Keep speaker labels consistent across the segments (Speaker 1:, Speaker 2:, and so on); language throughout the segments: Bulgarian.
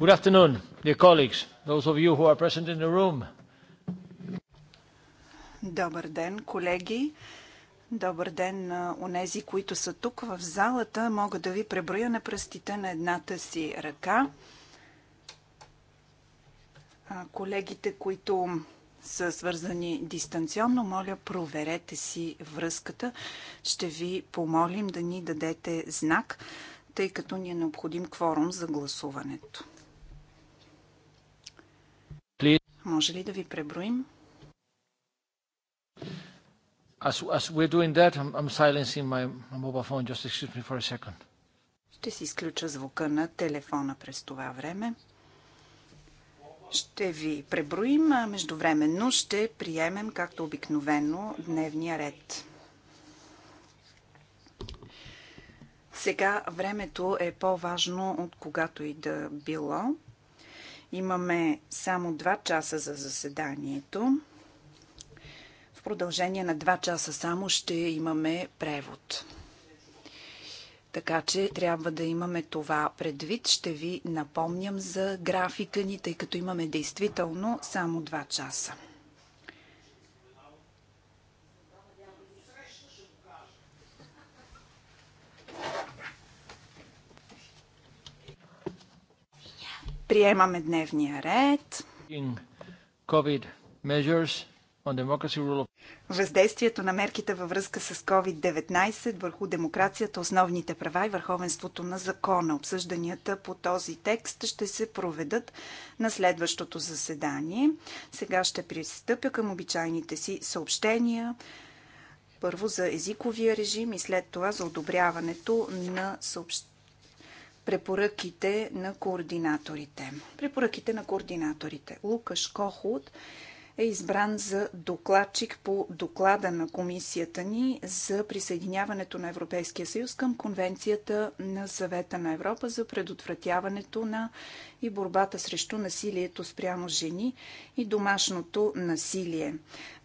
Speaker 1: Good afternoon, dear colleagues, those of you who are present in the room.
Speaker 2: Добър ден, колеги. Добър ден на онези, които са тук в залата. Мога да ви преброя на пръстите на едната си ръка. Колегите, които са свързани дистанционно, моля проверете си връзката. Ще ви помолим да ни дадете знак, тъй като ни е необходим кворум за гласуването. Може ли да ви преброим?
Speaker 1: As, as we're doing that, I'm, I'm silencing my, mobile phone. Just excuse me for a second.
Speaker 2: Ще си изключа звука на телефона през това време. Ще ви преброим, а междувременно ще приемем, както обикновено, дневния ред. Сега времето е по-важно от когато и да било. Имаме само 2 часа за заседанието. В продължение на 2 часа само ще имаме превод. Така че трябва да имаме това предвид. Ще ви напомням за графика ни, тъй като имаме действително само 2 часа. Приемаме дневния ред. Въздействието на мерките във връзка с COVID-19 върху демокрацията, основните права и върховенството на закона. Обсъжданията по този текст ще се проведат на следващото заседание. Сега ще пристъпя към обичайните си съобщения. Първо за езиковия режим и след това за одобряването на съобщ препоръките на координаторите. Препоръките на координаторите. Лукаш Кохут е избран за докладчик по доклада на комисията ни за присъединяването на Европейския съюз към Конвенцията на Съвета на Европа за предотвратяването на и борбата срещу насилието спрямо жени и домашното насилие.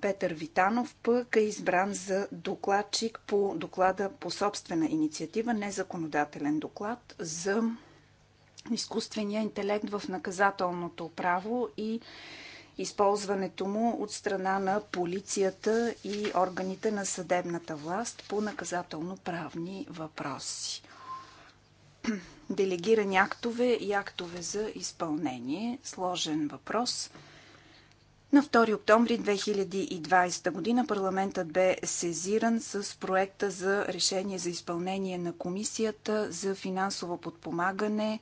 Speaker 2: Петър Витанов пък е избран за докладчик по доклада по собствена инициатива, незаконодателен доклад за изкуствения интелект в наказателното право и използването му от страна на полицията и органите на съдебната власт по наказателно-правни въпроси. Делегирани актове и актове за изпълнение. Сложен въпрос. На 2 октомври 2020 година парламентът бе сезиран с проекта за решение за изпълнение на Комисията за финансово подпомагане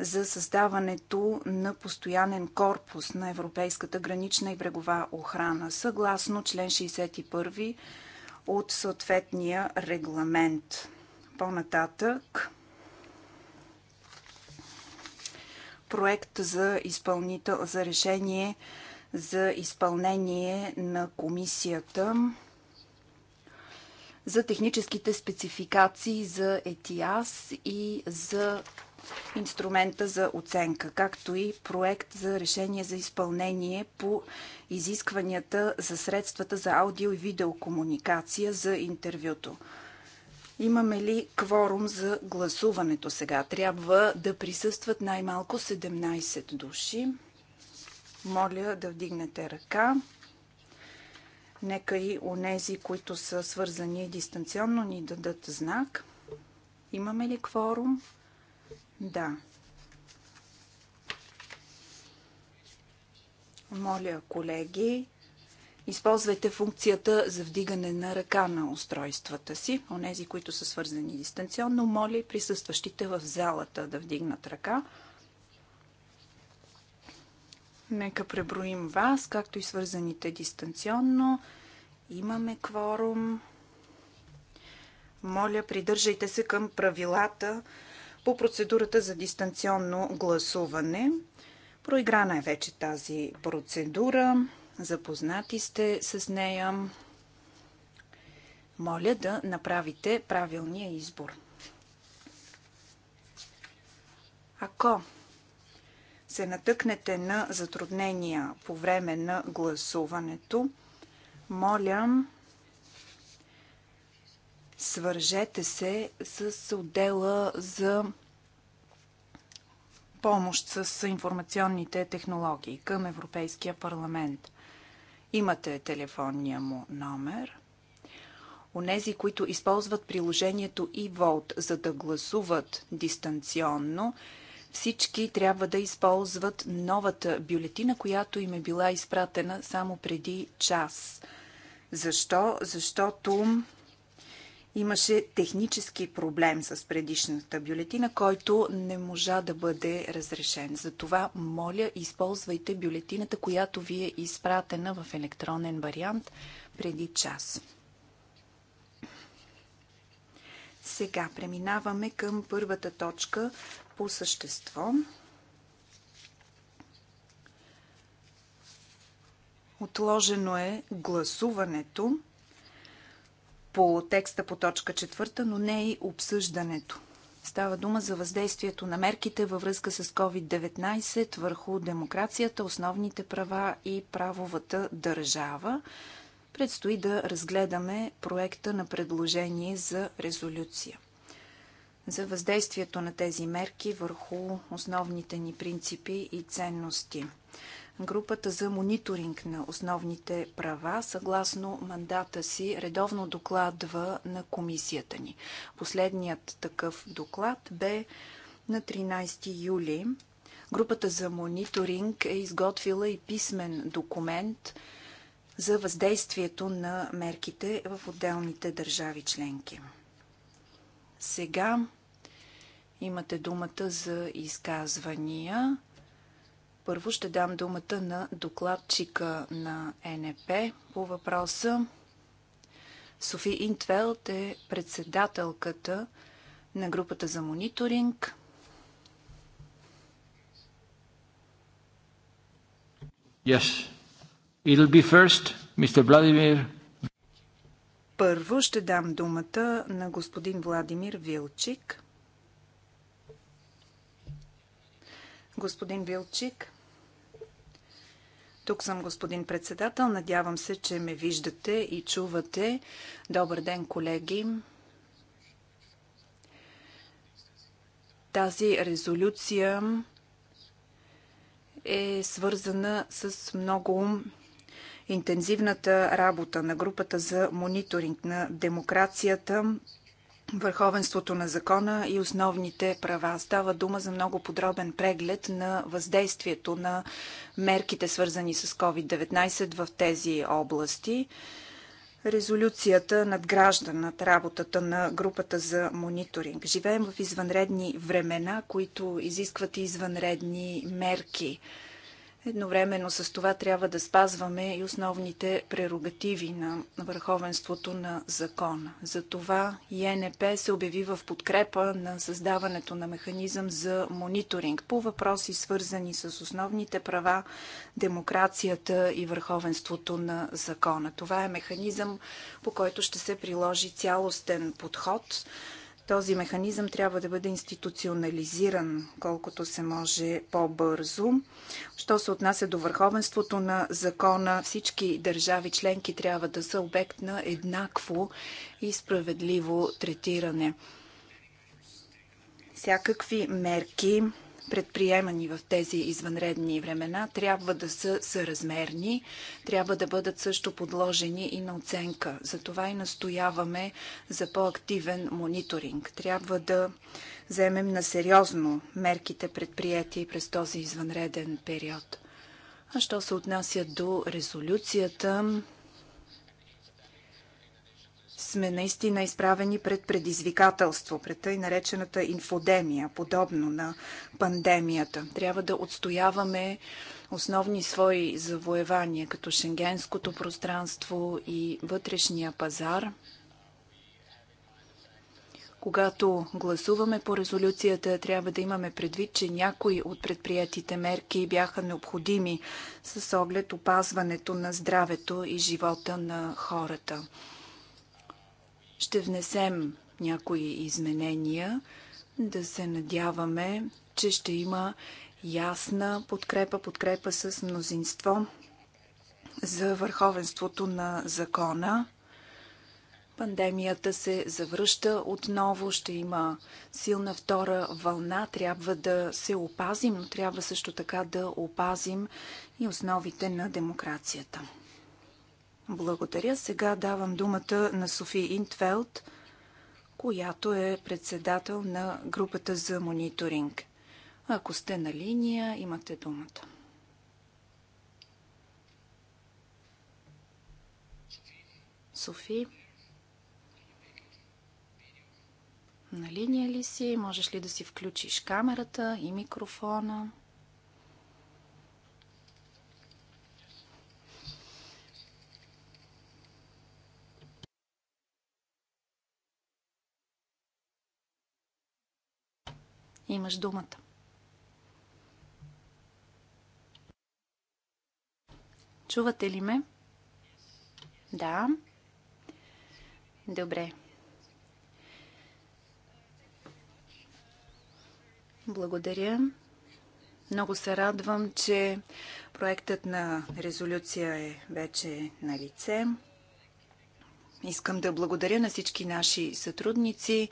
Speaker 2: за създаването на постоянен корпус на Европейската гранична и брегова охрана, съгласно член 61 от съответния регламент. По-нататък проект за, изпълнител, за решение за изпълнение на комисията за техническите спецификации за ЕТИАС и за инструмента за оценка, както и проект за решение за изпълнение по изискванията за средствата за аудио и видеокомуникация за интервюто. Имаме ли кворум за гласуването сега? Трябва да присъстват най-малко 17 души. Моля да вдигнете ръка. Нека и онези, които са свързани дистанционно, ни дадат знак. Имаме ли кворум? Да. Моля, колеги, използвайте функцията за вдигане на ръка на устройствата си. Онези, които са свързани дистанционно, моля и присъстващите в залата да вдигнат ръка. Нека преброим вас, както и свързаните дистанционно. Имаме кворум. Моля, придържайте се към правилата по процедурата за дистанционно гласуване. Проиграна е вече тази процедура. Запознати сте с нея. Моля да направите правилния избор. Ако се натъкнете на затруднения по време на гласуването, моля свържете се с отдела за помощ с информационните технологии към Европейския парламент. Имате телефонния му номер. Онези, които използват приложението eVolt, за да гласуват дистанционно, всички трябва да използват новата бюлетина, която им е била изпратена само преди час. Защо? Защото имаше технически проблем с предишната бюлетина, който не можа да бъде разрешен. Затова, моля, използвайте бюлетината, която ви е изпратена в електронен вариант преди час. Сега преминаваме към първата точка по същество. Отложено е гласуването по текста по точка четвърта, но не и обсъждането. Става дума за въздействието на мерките във връзка с COVID-19 върху демокрацията, основните права и правовата държава. Предстои да разгледаме проекта на предложение за резолюция за въздействието на тези мерки върху основните ни принципи и ценности. Групата за мониторинг на основните права, съгласно мандата си, редовно докладва на комисията ни. Последният такъв доклад бе на 13 юли. Групата за мониторинг е изготвила и писмен документ за въздействието на мерките в отделните държави членки. Сега имате думата за изказвания. Първо ще дам думата на докладчика на НП по въпроса. Софи Интвелт е председателката на групата за мониторинг.
Speaker 1: Yes. It'll be first, Mr. Vladimir.
Speaker 2: Първо ще дам думата на господин Владимир Вилчик. Господин Вилчик, тук съм господин председател. Надявам се, че ме виждате и чувате. Добър ден, колеги. Тази резолюция е свързана с много интензивната работа на групата за мониторинг на демокрацията върховенството на закона и основните права. Става дума за много подробен преглед на въздействието на мерките, свързани с COVID-19 в тези области. Резолюцията надгражда над работата на групата за мониторинг. Живеем в извънредни времена, които изискват и извънредни мерки. Едновременно с това трябва да спазваме и основните прерогативи на върховенството на закона. Затова ЕНП се обяви в подкрепа на създаването на механизъм за мониторинг по въпроси свързани с основните права, демокрацията и върховенството на закона. Това е механизъм, по който ще се приложи цялостен подход – този механизъм трябва да бъде институционализиран колкото се може по-бързо. Що се отнася до върховенството на закона, всички държави членки трябва да са обект на еднакво и справедливо третиране. Всякакви мерки предприемани в тези извънредни времена, трябва да са съразмерни, трябва да бъдат също подложени и на оценка. Затова и настояваме за по-активен мониторинг. Трябва да вземем на сериозно мерките предприятия през този извънреден период. А що се отнася до резолюцията, сме наистина изправени пред предизвикателство, пред тъй наречената инфодемия, подобно на пандемията. Трябва да отстояваме основни свои завоевания, като шенгенското пространство и вътрешния пазар. Когато гласуваме по резолюцията, трябва да имаме предвид, че някои от предприятите мерки бяха необходими с оглед опазването на здравето и живота на хората. Ще внесем някои изменения. Да се надяваме, че ще има ясна подкрепа, подкрепа с мнозинство за върховенството на закона. Пандемията се завръща отново, ще има силна втора вълна. Трябва да се опазим, но трябва също така да опазим и основите на демокрацията. Благодаря. Сега давам думата на Софи Интфелд, която е председател на групата за мониторинг. Ако сте на линия, имате думата. Софи, на линия ли си? Можеш ли да си включиш камерата и микрофона? Имаш думата. Чувате ли ме? Да. Добре. Благодаря. Много се радвам, че проектът на резолюция е вече на лице. Искам да благодаря на всички наши сътрудници,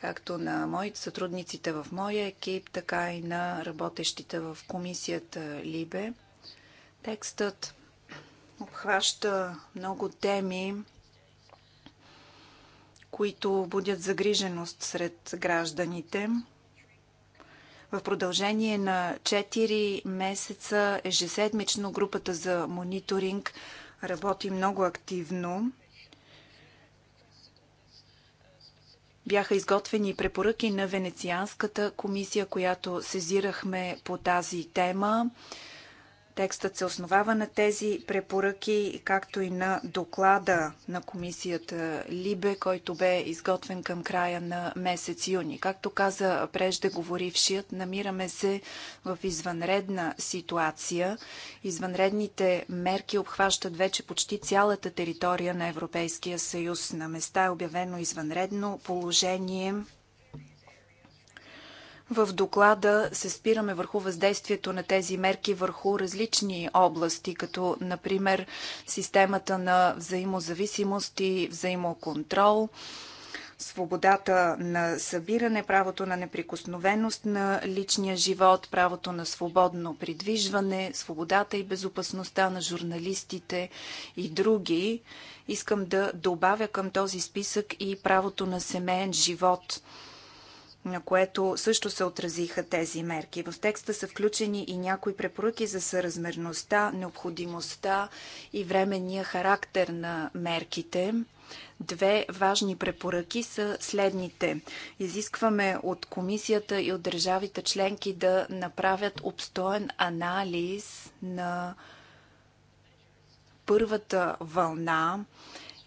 Speaker 2: както на моите сътрудниците в моя екип, така и на работещите в комисията Либе. Текстът обхваща много теми, които будят загриженост сред гражданите. В продължение на 4 месеца ежеседмично групата за мониторинг работи много активно. Бяха изготвени препоръки на Венецианската комисия, която сезирахме по тази тема. Текстът се основава на тези препоръки, както и на доклада на комисията Либе, който бе изготвен към края на месец юни. Както каза преждеговорившият, намираме се в извънредна ситуация. Извънредните мерки обхващат вече почти цялата територия на Европейския съюз. На места е обявено извънредно положение в доклада се спираме върху въздействието на тези мерки върху различни области, като например системата на взаимозависимост и взаимоконтрол, свободата на събиране, правото на неприкосновеност на личния живот, правото на свободно придвижване, свободата и безопасността на журналистите и други. Искам да добавя към този списък и правото на семейен живот – на което също се отразиха тези мерки. В текста са включени и някои препоръки за съразмерността, необходимостта и временния характер на мерките. Две важни препоръки са следните. Изискваме от комисията и от държавите членки да направят обстоен анализ на първата вълна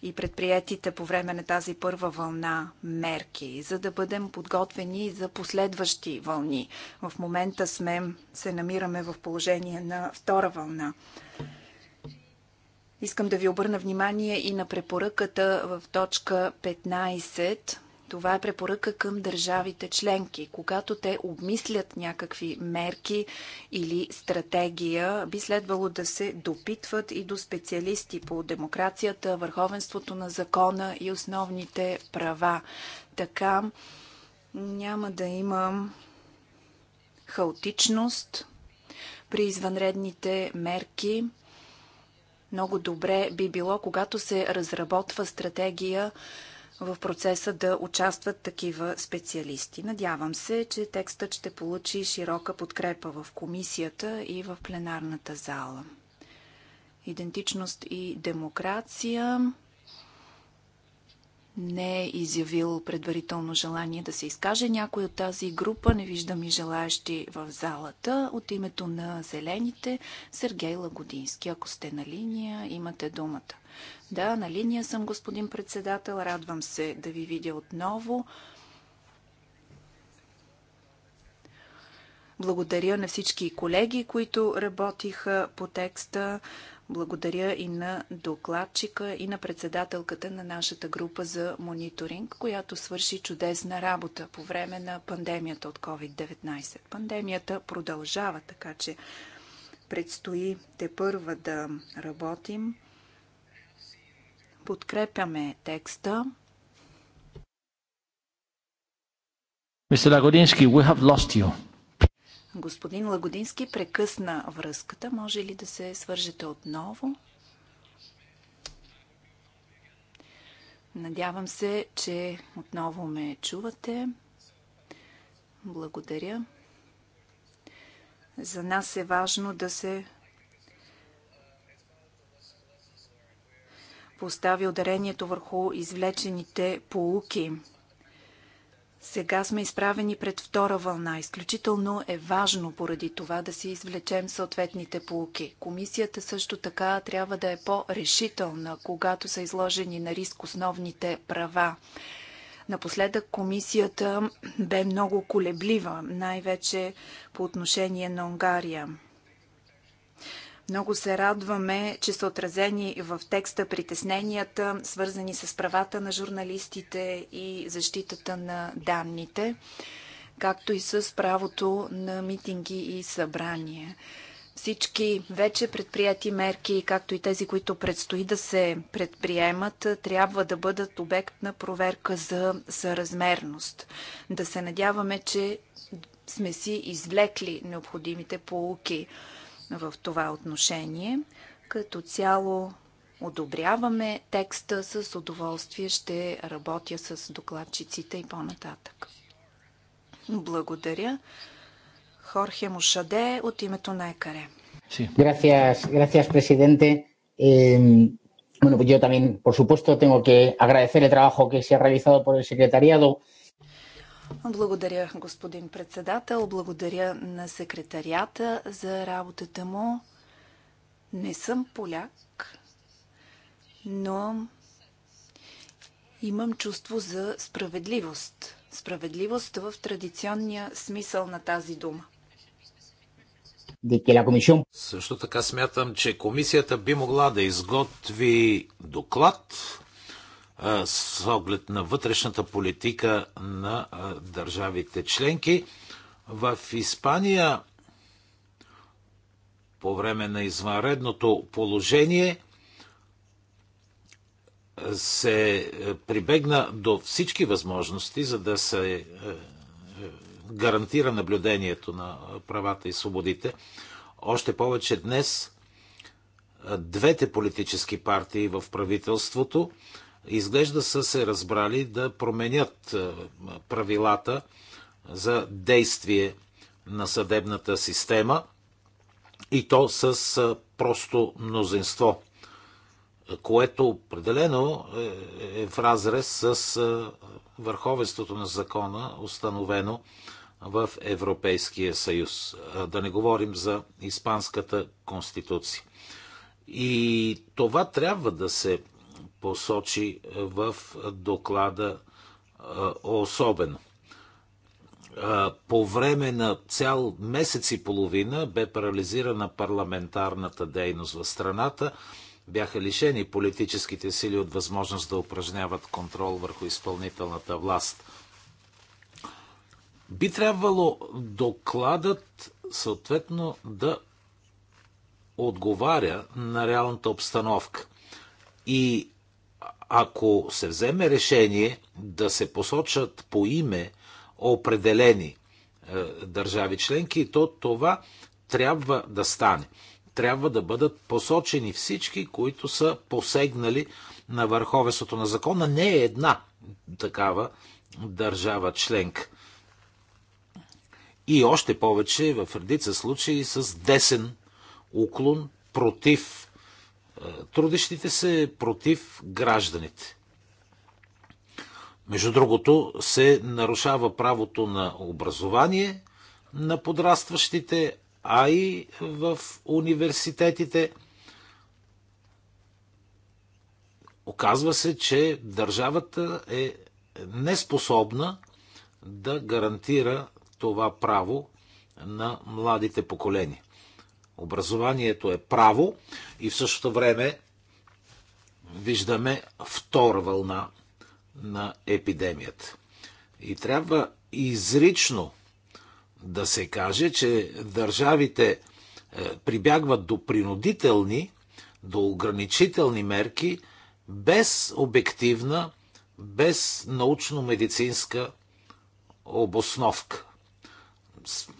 Speaker 2: и предприятите по време на тази първа вълна мерки, за да бъдем подготвени за последващи вълни. В момента сме, се намираме в положение на втора вълна. Искам да ви обърна внимание и на препоръката в точка 15 това е препоръка към държавите членки. Когато те обмислят някакви мерки или стратегия, би следвало да се допитват и до специалисти по демокрацията, върховенството на закона и основните права. Така няма да има хаотичност при извънредните мерки. Много добре би било, когато се разработва стратегия, в процеса да участват такива специалисти. Надявам се, че текстът ще получи широка подкрепа в комисията и в пленарната зала. Идентичност и демокрация не е изявил предварително желание да се изкаже някой от тази група. Не виждам и желаящи в залата. От името на Зелените, Сергей Лагодински. Ако сте на линия, имате думата. Да, на линия съм, господин председател. Радвам се да ви видя отново. Благодаря на всички колеги, които работиха по текста. Благодаря и на докладчика и на председателката на нашата група за мониторинг, която свърши чудесна работа по време на пандемията от COVID-19. Пандемията продължава, така че предстои те първа да работим. Подкрепяме текста.
Speaker 1: Mr. Lagodinsky, we have lost you.
Speaker 2: Господин Лагодински прекъсна връзката. Може ли да се свържете отново? Надявам се, че отново ме чувате. Благодаря. За нас е важно да се постави ударението върху извлечените полуки сега сме изправени пред втора вълна. Изключително е важно поради това да си извлечем съответните полуки. Комисията също така трябва да е по-решителна, когато са изложени на риск основните права. Напоследък комисията бе много колеблива, най-вече по отношение на Унгария. Много се радваме, че са отразени в текста притесненията, свързани с правата на журналистите и защитата на данните, както и с правото на митинги и събрания. Всички вече предприяти мерки, както и тези, които предстои да се предприемат, трябва да бъдат обект на проверка за съразмерност. Да се надяваме, че сме си извлекли необходимите полуки в това отношение. Като цяло одобряваме текста с удоволствие. Ще работя с докладчиците и по-нататък. Благодаря. Хорхе Мушаде от името на Екаре.
Speaker 3: Bueno, pues yo también, por supuesto, tengo que agradecer el trabajo que se ha realizado por el secretariado.
Speaker 2: Благодаря, господин председател. Благодаря на секретарията за работата му. Не съм поляк, но имам чувство за справедливост. Справедливост в традиционния смисъл на тази дума.
Speaker 1: Също така смятам, че комисията би могла да изготви доклад с оглед на вътрешната политика на държавите членки. В Испания по време на извънредното положение се е, прибегна до всички възможности, за да се е, е, гарантира наблюдението на правата и свободите. Още повече днес двете политически партии в правителството изглежда са се разбрали да променят е, правилата за действие на съдебната система и то с е, просто мнозинство, което определено е, е в разрез с върховенството на закона, установено в Европейския съюз. Да не говорим за Испанската конституция. И това трябва да се посочи в доклада особено. По време на цял месец и половина бе парализирана парламентарната дейност в страната. Бяха лишени политическите сили от възможност да упражняват контрол върху изпълнителната власт. Би трябвало докладът съответно да отговаря на реалната обстановка и ако се вземе решение да се посочат по име определени е, държави членки, то това трябва да стане. Трябва да бъдат посочени всички, които са посегнали на върховенството на закона. Не е една такава държава членка. И още повече в редица случаи с десен уклон против е, трудещите се против гражданите. Между другото, се нарушава правото на образование на подрастващите, а и в университетите. Оказва се, че държавата е неспособна да гарантира това право на младите поколения образованието е право и в същото време виждаме втора вълна на епидемията. И трябва изрично да се каже, че държавите е, прибягват до принудителни, до ограничителни мерки без обективна, без научно-медицинска обосновка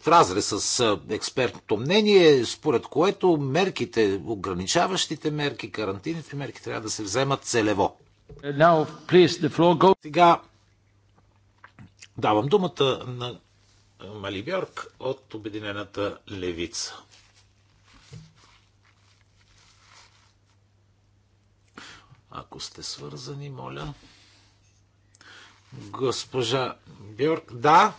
Speaker 1: в разрез с експертното мнение, според което мерките, ограничаващите мерки, карантините мерки трябва да се вземат целево. Now, please, Сега давам думата на Мали Бьорк от Обединената левица. Ако сте свързани, моля. Госпожа Бьорк, да,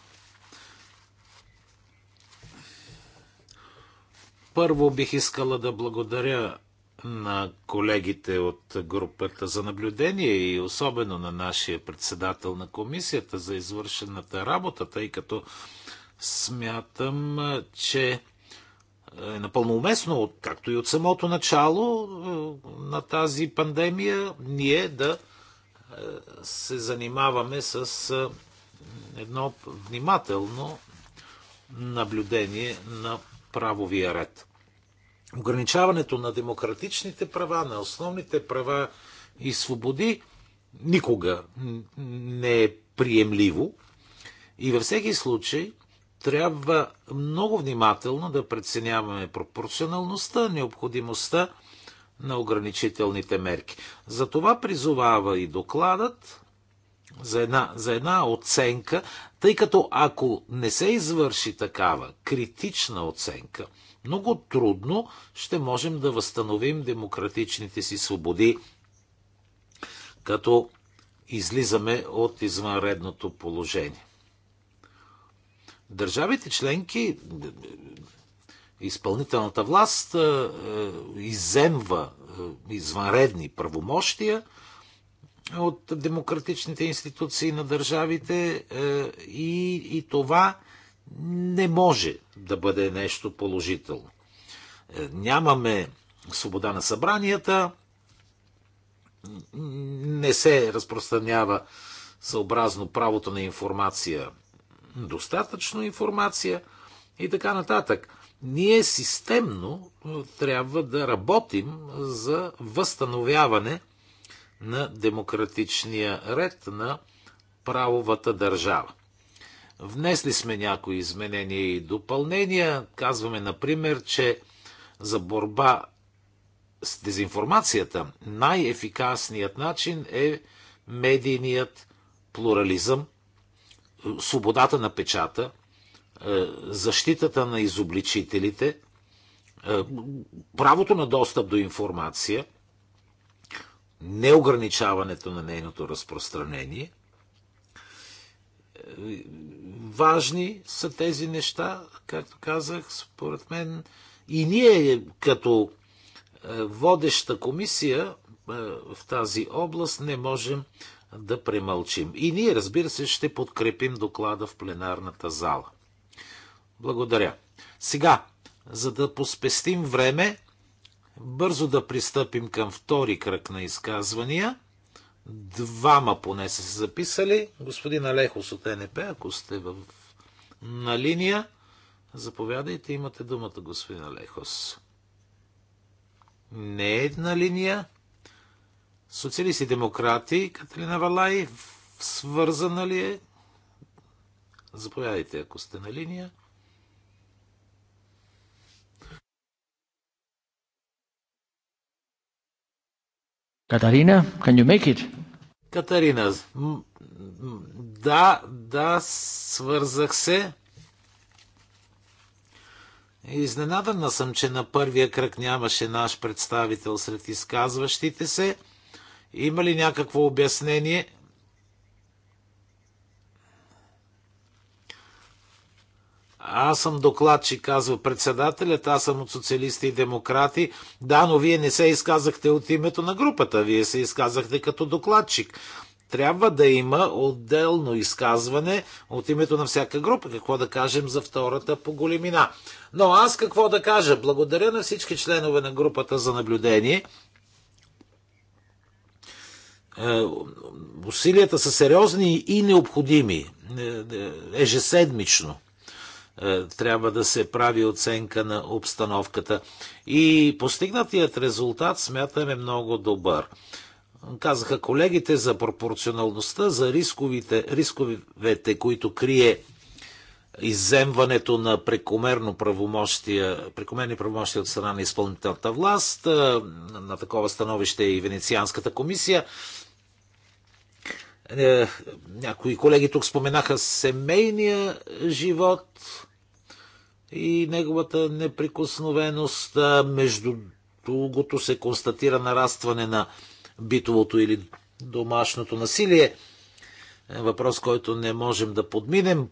Speaker 1: Първо бих искала да благодаря на колегите от групата за наблюдение и особено на нашия председател на комисията за извършената работа, тъй като смятам, че е напълно уместно, както и от самото начало е, на тази пандемия, ние да е, се занимаваме с е, едно внимателно наблюдение на правовия ред. Ограничаването на демократичните права, на основните права и свободи никога не е приемливо. И във всеки случай трябва много внимателно да преценяваме пропорционалността, необходимостта на ограничителните мерки. Затова призовава и докладът за една, за една оценка, тъй като ако не се извърши такава критична оценка, много трудно ще можем да възстановим демократичните си свободи, като излизаме от извънредното положение. Държавите членки, изпълнителната власт е, е, иземва е, извънредни правомощия – от демократичните институции на държавите е, и, и това не може да бъде нещо положително. Е, нямаме свобода на събранията, не се разпространява съобразно правото на информация достатъчно информация и така нататък. Ние системно е, трябва да работим за възстановяване на демократичния ред на правовата държава. Внесли сме някои изменения и допълнения. Казваме, например, че за борба с дезинформацията най-ефикасният начин е медийният плурализъм, свободата на печата, е, защитата на изобличителите, е, правото на достъп до информация, неограничаването на нейното разпространение. Е, важни са тези неща, както казах, според мен. И ние, като е, водеща комисия е, в тази област, не можем да премълчим. И ние, разбира се, ще подкрепим доклада в пленарната зала. Благодаря. Сега, за да поспестим време, бързо да пристъпим към втори кръг на изказвания. Двама поне са се записали. Господин Алехос от НП, ако сте в... на линия, заповядайте, имате думата, господин Алехос. Не е линия. Социалисти демократи, Каталина Валай, свързана ли е? Заповядайте, ако сте на линия. Катарина, can you make it? Катарина, да, да, свързах се. Изненадана съм, че на първия кръг нямаше наш представител сред изказващите се. Има ли някакво обяснение? Аз съм докладчик, казва председателят, аз съм от социалисти и демократи. Да, но вие не се изказахте от името на групата, вие се изказахте като докладчик. Трябва да има отделно изказване от името на всяка група. Какво да кажем за втората по големина? Но аз какво да кажа? Благодаря на всички членове на групата за наблюдение. Е, усилията са сериозни и необходими е, е, ежеседмично. Е, трябва да се прави оценка на обстановката. И постигнатият резултат, смятам, е много добър. Казаха колегите за пропорционалността, за рисковите, рисковете, които крие иземването на прекомерно правомощия, прекомерни правомощия от страна на изпълнителната власт. Е, на такова становище и Венецианската комисия. Е, някои колеги тук споменаха семейния живот, и неговата неприкосновеност. Между другото се констатира нарастване на битовото или домашното насилие. Е, въпрос, който не можем да подминем.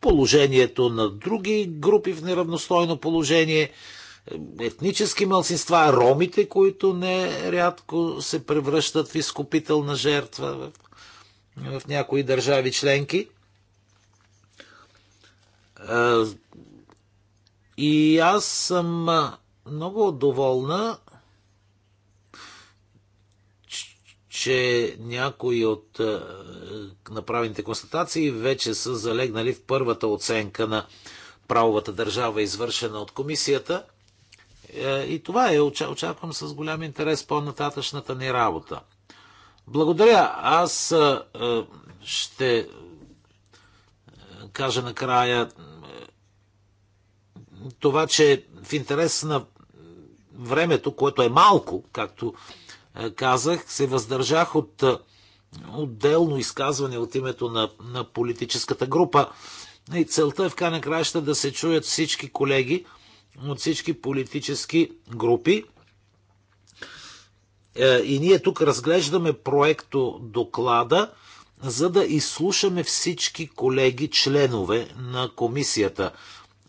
Speaker 1: Положението на други групи в неравностойно положение, е, етнически мълцинства, ромите, които не рядко се превръщат в изкупителна жертва в, в някои държави членки е, и аз съм много доволна, че някои от направените констатации вече са залегнали в първата оценка на правовата държава, извършена от комисията. Е, и това е, очаквам с голям интерес по-нататъчната ни работа. Благодаря. Аз ще кажа накрая това, че в интерес на времето, което е малко, както е, казах, се въздържах от е, отделно изказване от името на, на политическата група. И целта е в крайна краща да се чуят всички колеги от всички политически групи. Е, и ние тук разглеждаме проекто доклада, за да изслушаме всички колеги членове на комисията.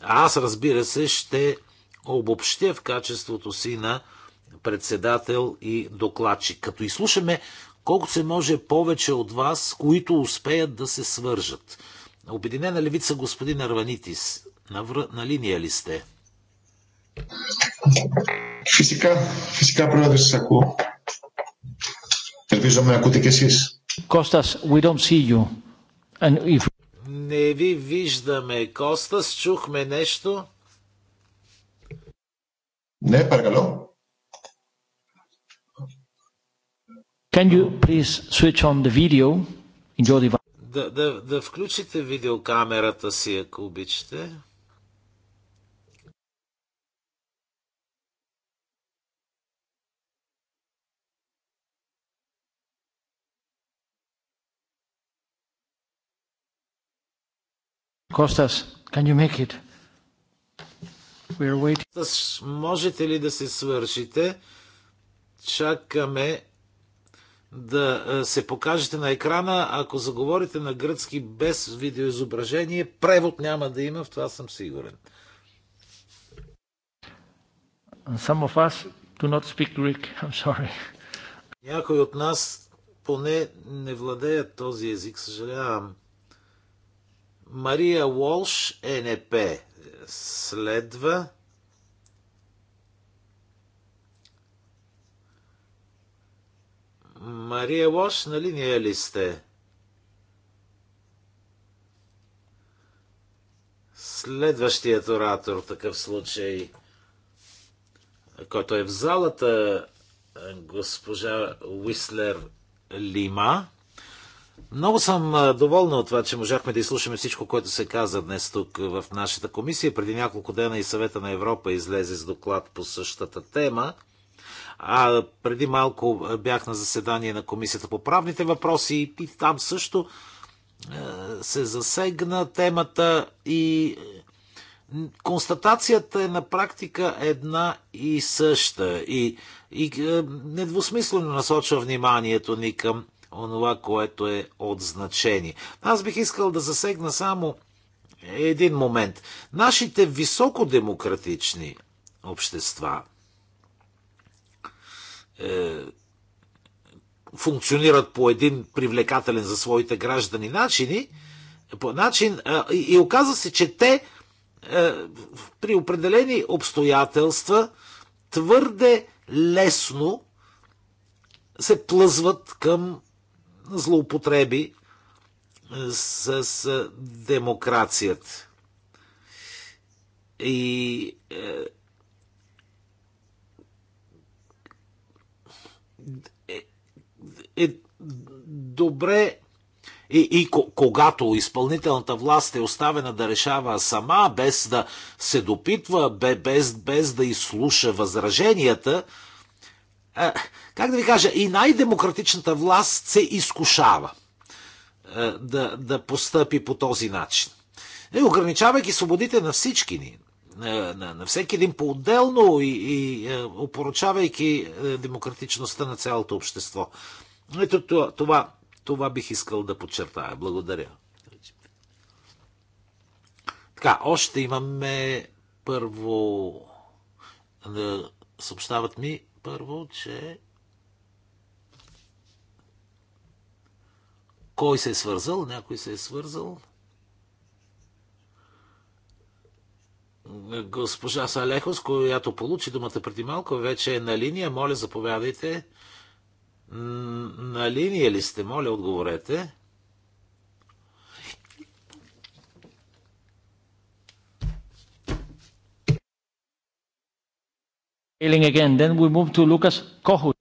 Speaker 1: Аз, разбира се, ще обобщя в качеството си на председател и докладчик. Като изслушаме колкото се може повече от вас, които успеят да се свържат. Обединена левица господин Арванитис, на, вър... на линия ли сте? Физика, физика πρόεδρε се ако... Предвиждаме ако με ακούτε Костас, we don't see you. And if... Не ви виждаме. Костас, чухме нещо? Не, паргало. Can you please switch on the video Enjoy the... Да, да, да включите видеокамерата си, ако обичате. Костас, can you make it? We are waiting. Можете ли да се свършите? Чакаме да е, се покажете на екрана. Ако заговорите на гръцки без видеоизображение, превод няма да има, в това съм сигурен. Some of us do not speak Greek. I'm sorry. от нас поне не владеят този език, съжалявам. Мария Уолш, НП. Следва. Мария Лош, на линия ли сте? Следващият оратор в такъв случай, който е в залата, госпожа Уислер Лима. Много съм доволна от това, че можахме да изслушаме всичко, което се каза днес тук в нашата комисия. Преди няколко дена и съвета на Европа излезе с доклад по същата тема. А преди малко бях на заседание на Комисията по правните въпроси и там също се засегна темата и констатацията е на практика една и съща и, и недвусмислено насочва вниманието ни към онова, което е от значение. Аз бих искал да засегна само един момент. Нашите високодемократични общества е, функционират по един привлекателен за своите граждани начини, по начин, е, и, и оказва се, че те е, при определени обстоятелства твърде лесно се плъзват към злоупотреби е, с демокрацията. И е, е, е, е добре и, и когато изпълнителната власт е оставена да решава сама, без да се допитва, без, без да изслуша възраженията, е, как да ви кажа, и най-демократичната власт се изкушава е, да, да постъпи по този начин. И е, ограничавайки свободите на всички ни, на, на всеки един по-отделно и, и опоручавайки демократичността на цялото общество. Ето това, това, това бих искал да подчертая. Благодаря. Така, още имаме първо. Да съобщават ми, първо, че кой се е свързал, някой се е свързал. Госпожа Салехос, която получи думата преди малко, вече е на линия. Моля, заповядайте. На линия ли сте? Моля, отговорете. Failing again. Then we move to Lucas Kohut.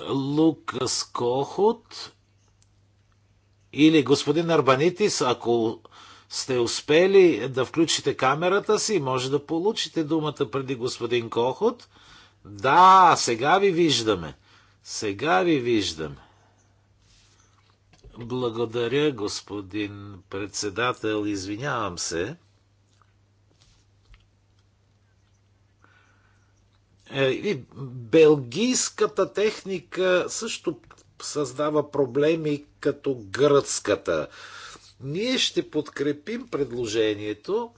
Speaker 1: Лукас Кохот или господин Арбанитис, ако сте успели да включите камерата си, може да получите думата преди господин Кохот. Да, сега ви виждаме. Сега ви виждаме. Благодаря, господин председател. Извинявам се. Е, и белгийската техника също създава проблеми като гръцката. Ние ще подкрепим предложението.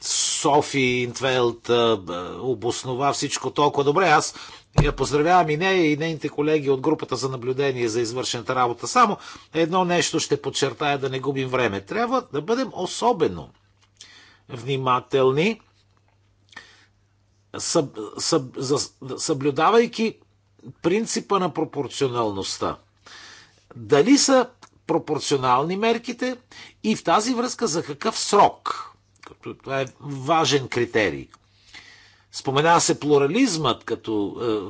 Speaker 1: Софи Интвелт обоснова всичко толкова добре. Аз я поздравявам и нея и нейните колеги от групата за наблюдение за извършената работа. Само едно нещо ще подчертая да не губим време. Трябва да бъдем особено внимателни съб, съб, за, съблюдавайки принципа на пропорционалността. Дали са пропорционални мерките и в тази връзка за какъв срок? Като това е важен критерий. Споменава се плурализмът като е,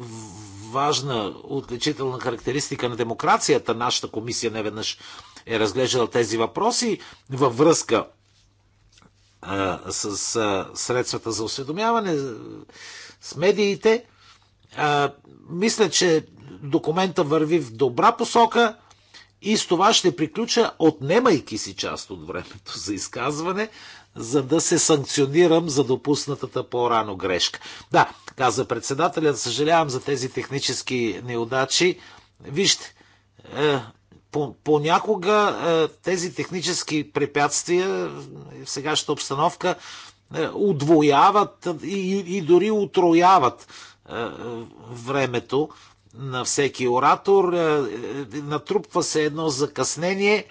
Speaker 1: важна отличителна характеристика на демокрацията. Нашата комисия неведнъж е разглеждала тези въпроси във връзка с а, средствата за осведомяване, с медиите. А, мисля, че документа върви в добра посока и с това ще приключа, отнемайки си част от времето за изказване, за да се санкционирам за допуснатата по-рано грешка. Да, каза председателя, съжалявам за тези технически неудачи. Вижте, е, понякога е, тези технически препятствия в е, сегашната обстановка е, удвояват и, дори утрояват времето на всеки оратор, натрупва се едно закъснение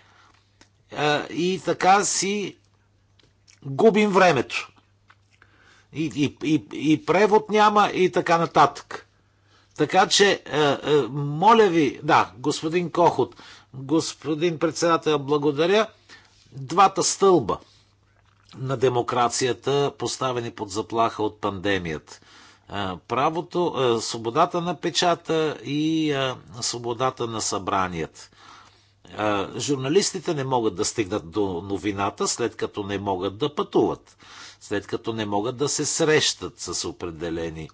Speaker 1: и така си губим времето. И, и, и, и превод няма и така нататък. Така че, моля ви, да, господин Кохот, Господин председател, благодаря. Двата стълба на демокрацията, поставени под заплаха от пандемията. Правото, свободата на печата и свободата на събранията. Журналистите не могат да стигнат до новината, след като не могат да пътуват, след като не могат да се срещат с определени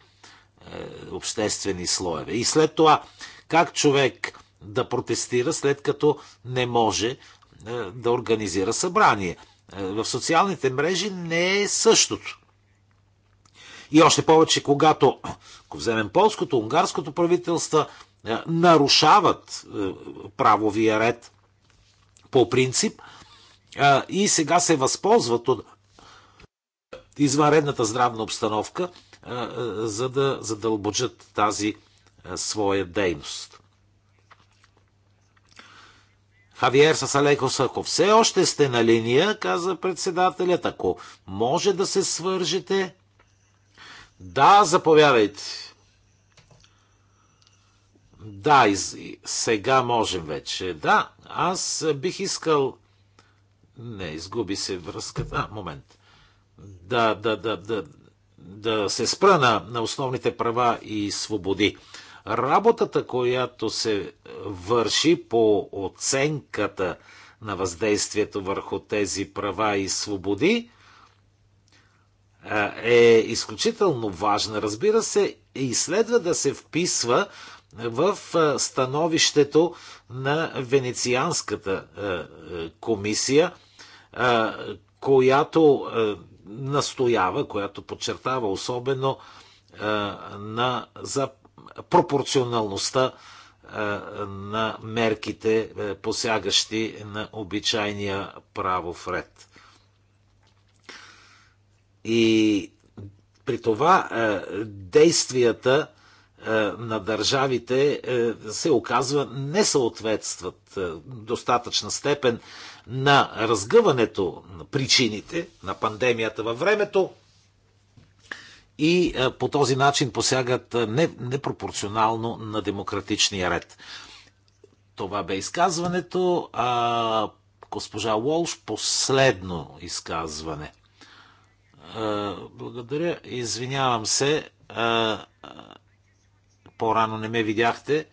Speaker 1: обществени слоеве. И след това, как човек да протестира, след като не може е, да организира събрание. Е, в социалните мрежи не е същото. И още повече, когато, ако вземем полското, унгарското правителство е, нарушават правовия ред по принцип и сега се възползват от извънредната здравна обстановка, за да задълбочат тази своя дейност. Хавиер Сасалейко ако Все още сте на линия, каза председателят. Ако може да се свържете. Да, заповядайте. Да, из... сега можем вече. Да, аз бих искал. Не, изгуби се връзката. А, момент. Да, да, да, да, да се спра на, на основните права и свободи. Работата, която се върши по оценката на въздействието върху тези права и свободи, е изключително важна, разбира се, и следва да се вписва в становището на Венецианската комисия, която настоява, която подчертава особено на, за пропорционалността е, на мерките, е, посягащи на обичайния правов ред. И при това е, действията на държавите се оказва не съответстват достатъчна степен на разгъването на причините на пандемията във времето, и е, по този начин посягат е, непропорционално на демократичния ред. Това бе изказването, а госпожа Уолш последно изказване. Е, благодаря. Извинявам се. По-рано не ме видяхте.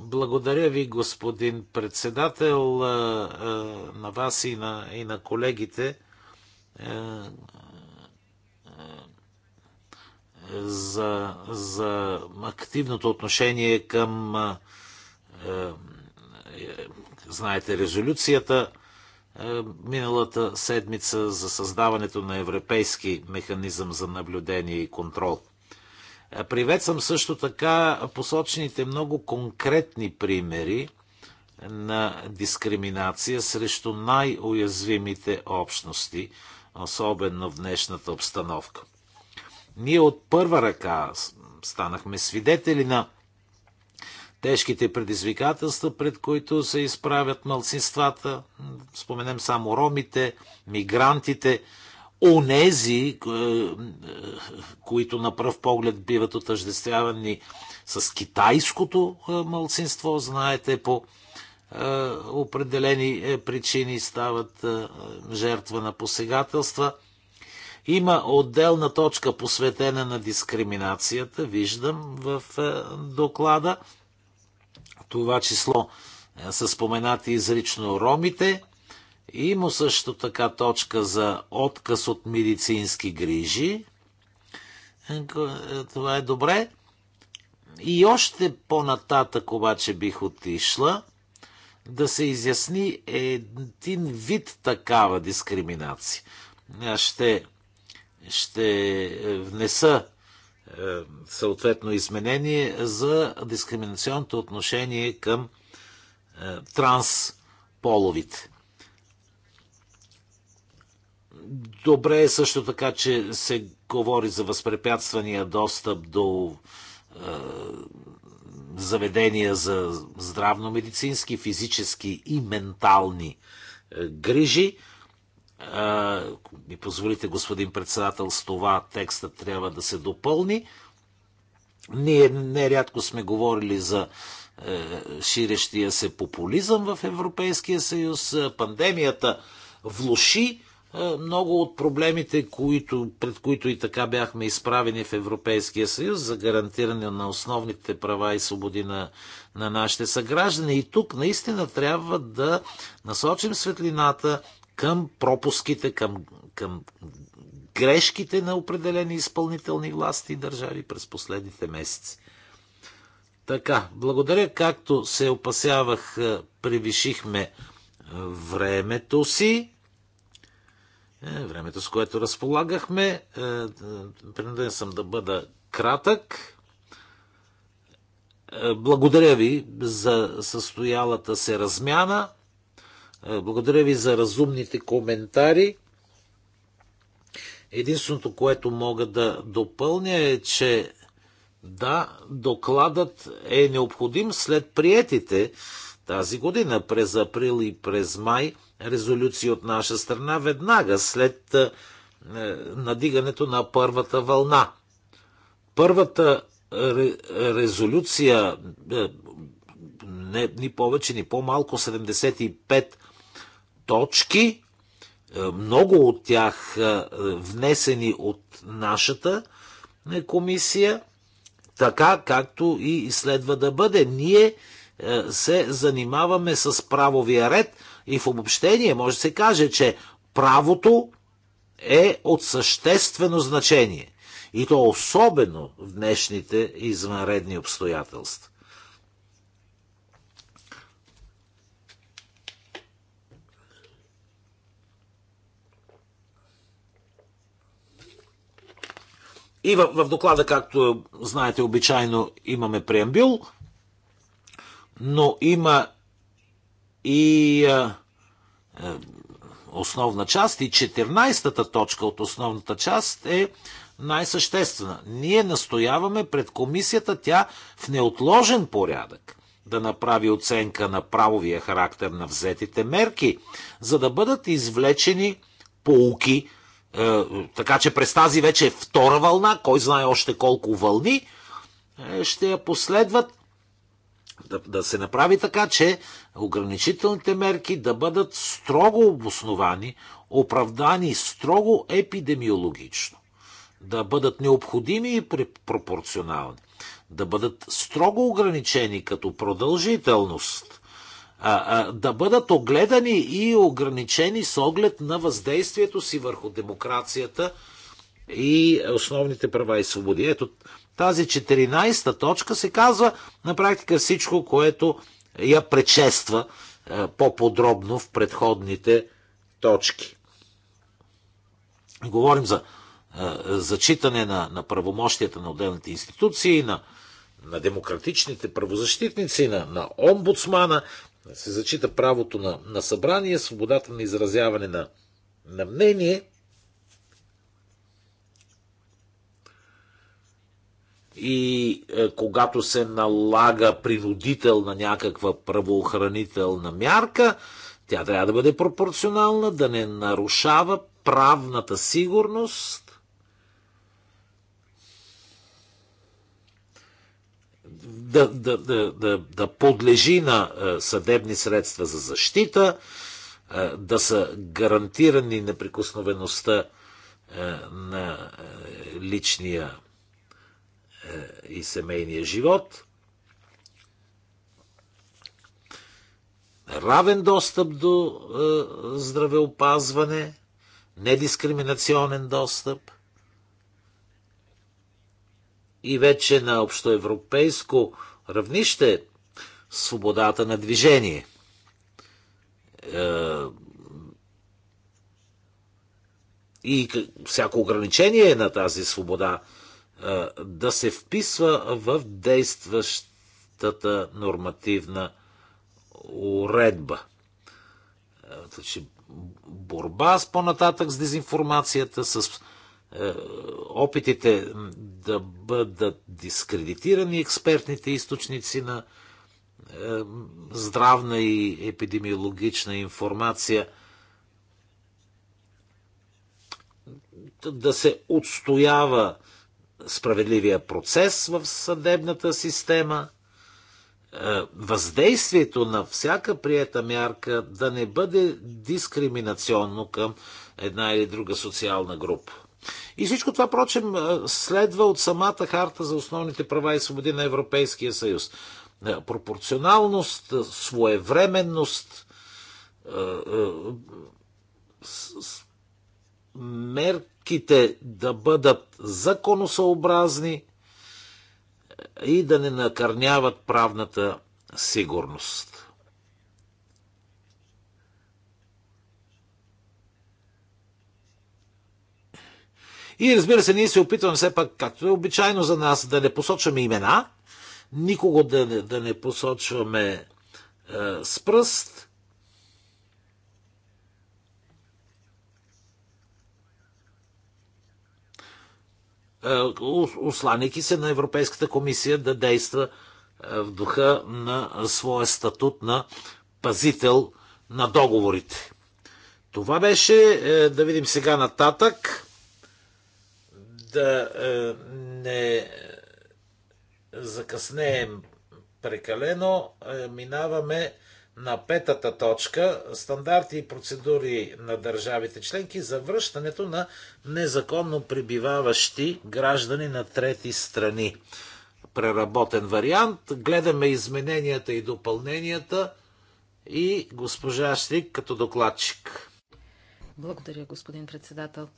Speaker 1: Благодаря ви, господин председател, на вас и на, и на колегите за, за активното отношение към, е, е, знаете, резолюцията е, миналата седмица за създаването на европейски механизъм за наблюдение и контрол. Е, приветствам също така посочените много конкретни примери на дискриминация срещу най-уязвимите общности, особено в днешната обстановка. Ние от първа ръка станахме свидетели на тежките предизвикателства, пред които се изправят малцинствата, споменем само ромите, мигрантите, онези, е, които на пръв поглед биват отъждествявани с китайското е, малцинство, знаете, по е, определени причини стават жертва на посегателства. Има отделна точка посветена на дискриминацията, виждам в е, доклада. Това число е, са споменати изрично ромите. Има също така точка за отказ от медицински грижи. Е, това е добре. И още по-нататък обаче бих отишла да се изясни един вид такава дискриминация. Ще ще е, внеса е, съответно изменение за дискриминационното отношение към е, трансполовите. Добре е също така, че се говори за възпрепятствания достъп до е, заведения за здравно-медицински, физически и ментални е, грижи ми позволите, господин председател, с това текста трябва да се допълни. Ние нерядко сме говорили за е, ширещия се популизъм в Европейския съюз. Пандемията влуши е, много от проблемите, които, пред които и така бяхме изправени в Европейския съюз за гарантиране на основните права и свободи на, на нашите съграждани. И тук наистина трябва да насочим светлината към пропуските, към, към грешките на определени изпълнителни власти и държави през последните месеци. Така, благодаря, както се опасявах, е, превишихме е, времето си, е, времето с което разполагахме. Принуден съм да бъда кратък. Благодаря ви за състоялата се размяна. Благодаря ви за разумните коментари. Единственото, което мога да допълня е, че да, докладът е необходим след приетите тази година, през април и през май, резолюции от наша страна веднага след е, надигането на първата вълна. Първата резолюция е, не, ни повече, ни по-малко 75 точки, е, много от тях е, внесени от нашата е, комисия, така както и следва да бъде. Ние се занимаваме с правовия ред и в обобщение може да се каже, че правото е от съществено значение. И то особено в днешните извънредни обстоятелства. И в, в доклада, както знаете, обичайно имаме преамбюл, но има и а, а, основна част и 14-та точка от основната част е най-съществена. Ние настояваме пред комисията тя в неотложен порядък да направи оценка на правовия характер на взетите мерки, за да бъдат извлечени полки е, така че през тази вече втора вълна, кой знае още колко вълни, е, ще я последват. Да, да се направи така, че ограничителните мерки да бъдат строго обосновани, оправдани строго епидемиологично, да бъдат необходими и пропорционални, да бъдат строго ограничени като продължителност – да бъдат огледани и ограничени с оглед на въздействието си върху демокрацията и основните права и свободи. Ето тази 14-та точка се казва на практика всичко, което я предшества е, по-подробно в предходните точки. Говорим за е, зачитане на, на правомощията на отделните институции, на, на демократичните правозащитници, на, на омбудсмана се зачита правото на, на събрание, свободата на изразяване на, на мнение. И е, когато се налага принудител на някаква правоохранителна мярка, тя трябва да бъде пропорционална, да не нарушава правната сигурност да, да, да, да, да подлежи на е, съдебни средства за защита, е, да са гарантирани неприкосновеността е, на личния и семейния живот, равен достъп до здравеопазване, недискриминационен достъп – и вече на общоевропейско равнище свободата на движение. Е, и всяко ограничение на тази свобода е, да се вписва в действащата нормативна уредба. Е, значи, борба с по-нататък с дезинформацията, с опитите да бъдат дискредитирани експертните източници на е, здравна и епидемиологична информация, да се отстоява справедливия процес в съдебната система, е, въздействието на всяка приета мярка да не бъде дискриминационно към една или друга социална група. И всичко това, прочем, следва от самата харта за основните права и свободи на Европейския съюз. Пропорционалност, своевременност, мерките да бъдат законосъобразни и да не накърняват правната сигурност. И разбира се, ние се опитваме все пак, както е обичайно за нас, да не посочваме имена, никого да не, да не посочваме е, с пръст. Е, осланяйки се на Европейската комисия да действа е, в духа на своя статут на пазител на договорите. Това беше, е, да видим сега нататък да е, не закъснеем прекалено, е, минаваме на петата точка стандарти и процедури на държавите членки за връщането на незаконно прибиваващи граждани на трети страни. Преработен вариант. Гледаме измененията и допълненията и госпожа Штик като докладчик.
Speaker 3: Благодаря, господин председател.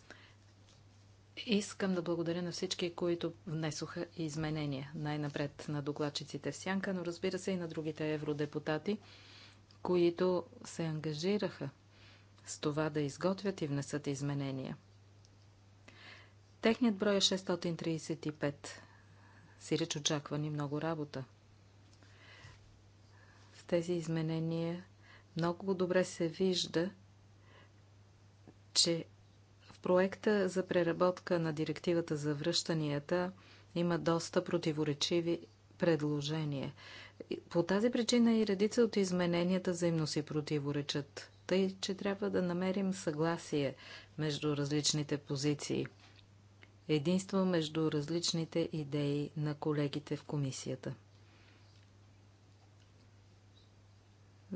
Speaker 3: Искам да благодаря на всички, които внесоха изменения. Най-напред на докладчиците в Сянка, но разбира се и на другите евродепутати, които се ангажираха с това да изготвят и внесат изменения. Техният брой е 635. очаква ни много работа. В тези изменения много добре се вижда, че Проекта за преработка на директивата за връщанията има доста противоречиви предложения. По тази причина и редица от измененията взаимно си противоречат, тъй че трябва да намерим съгласие между различните позиции. Единство между различните идеи на колегите в комисията.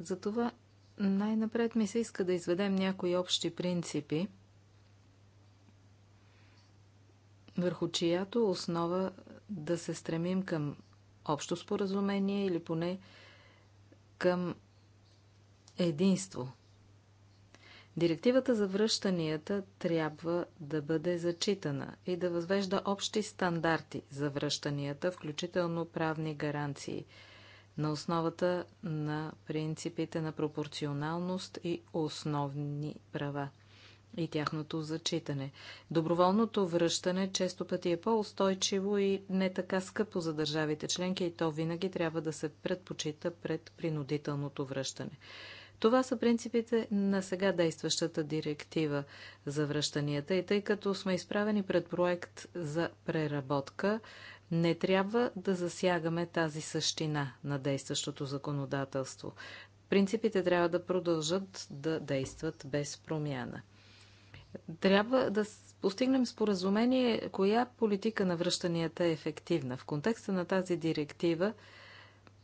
Speaker 3: Затова най-напред ми се иска да изведем някои общи принципи, върху чиято основа да се стремим към общо споразумение или поне към единство. Директивата за връщанията трябва да бъде зачитана и да възвежда общи стандарти за връщанията, включително правни гаранции, на основата на принципите на пропорционалност и основни права и тяхното зачитане. Доброволното връщане често пъти е по-устойчиво и не така скъпо за държавите членки и то винаги трябва да се предпочита пред принудителното връщане. Това са принципите на сега действащата директива за връщанията и тъй като сме изправени пред проект за преработка, не трябва да засягаме тази същина на действащото законодателство. Принципите трябва да продължат да действат без промяна. Трябва да постигнем споразумение, коя политика на връщанията е ефективна. В контекста на тази директива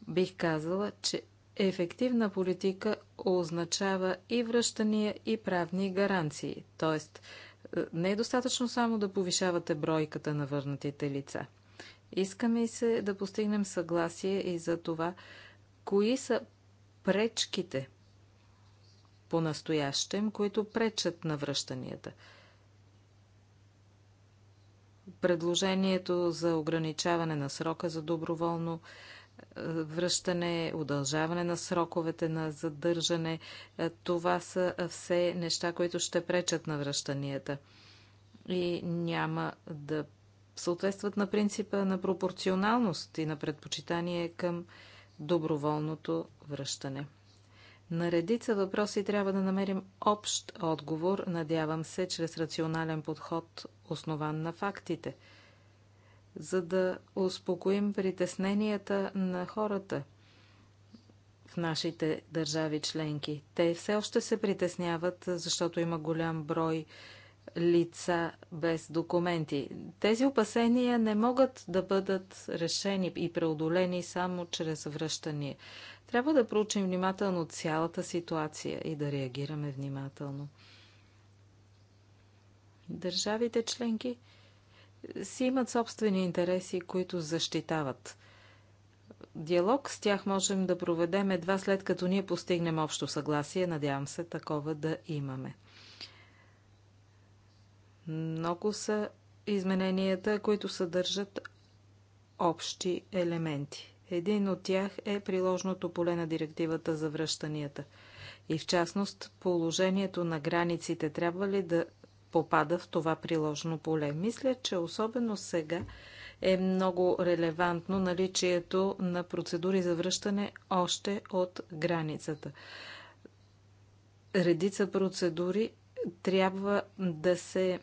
Speaker 3: бих казала, че ефективна политика означава и връщания, и правни гаранции. Тоест, е, не е достатъчно само да повишавате бройката на върнатите лица. Искаме и се да постигнем съгласие и за това, кои са пречките – по-настоящем, които пречат на връщанията. Предложението за ограничаване на срока за доброволно е, връщане, удължаване на сроковете на задържане. Е, това са все неща, които ще пречат на връщанията и няма да съответстват на принципа на пропорционалност и на предпочитание към доброволното връщане. На редица въпроси трябва да намерим общ отговор, надявам се, чрез рационален подход, основан на фактите, за да успокоим притесненията на хората в нашите държави членки. Те все още се притесняват, защото има голям брой лица без документи. Тези опасения не могат да бъдат решени и преодолени само чрез връщане. Трябва да проучим внимателно цялата ситуация и да реагираме внимателно. Държавите членки си имат собствени интереси, които защитават. Диалог с тях можем да проведем едва след като ние постигнем общо съгласие. Надявам се такова да имаме. Много са измененията, които съдържат общи елементи. Един от тях е приложното поле на директивата за връщанията. И в частност, положението на границите трябва ли да попада в това приложно поле? Мисля, че особено сега е много релевантно наличието на процедури за връщане още от границата. Редица процедури трябва да се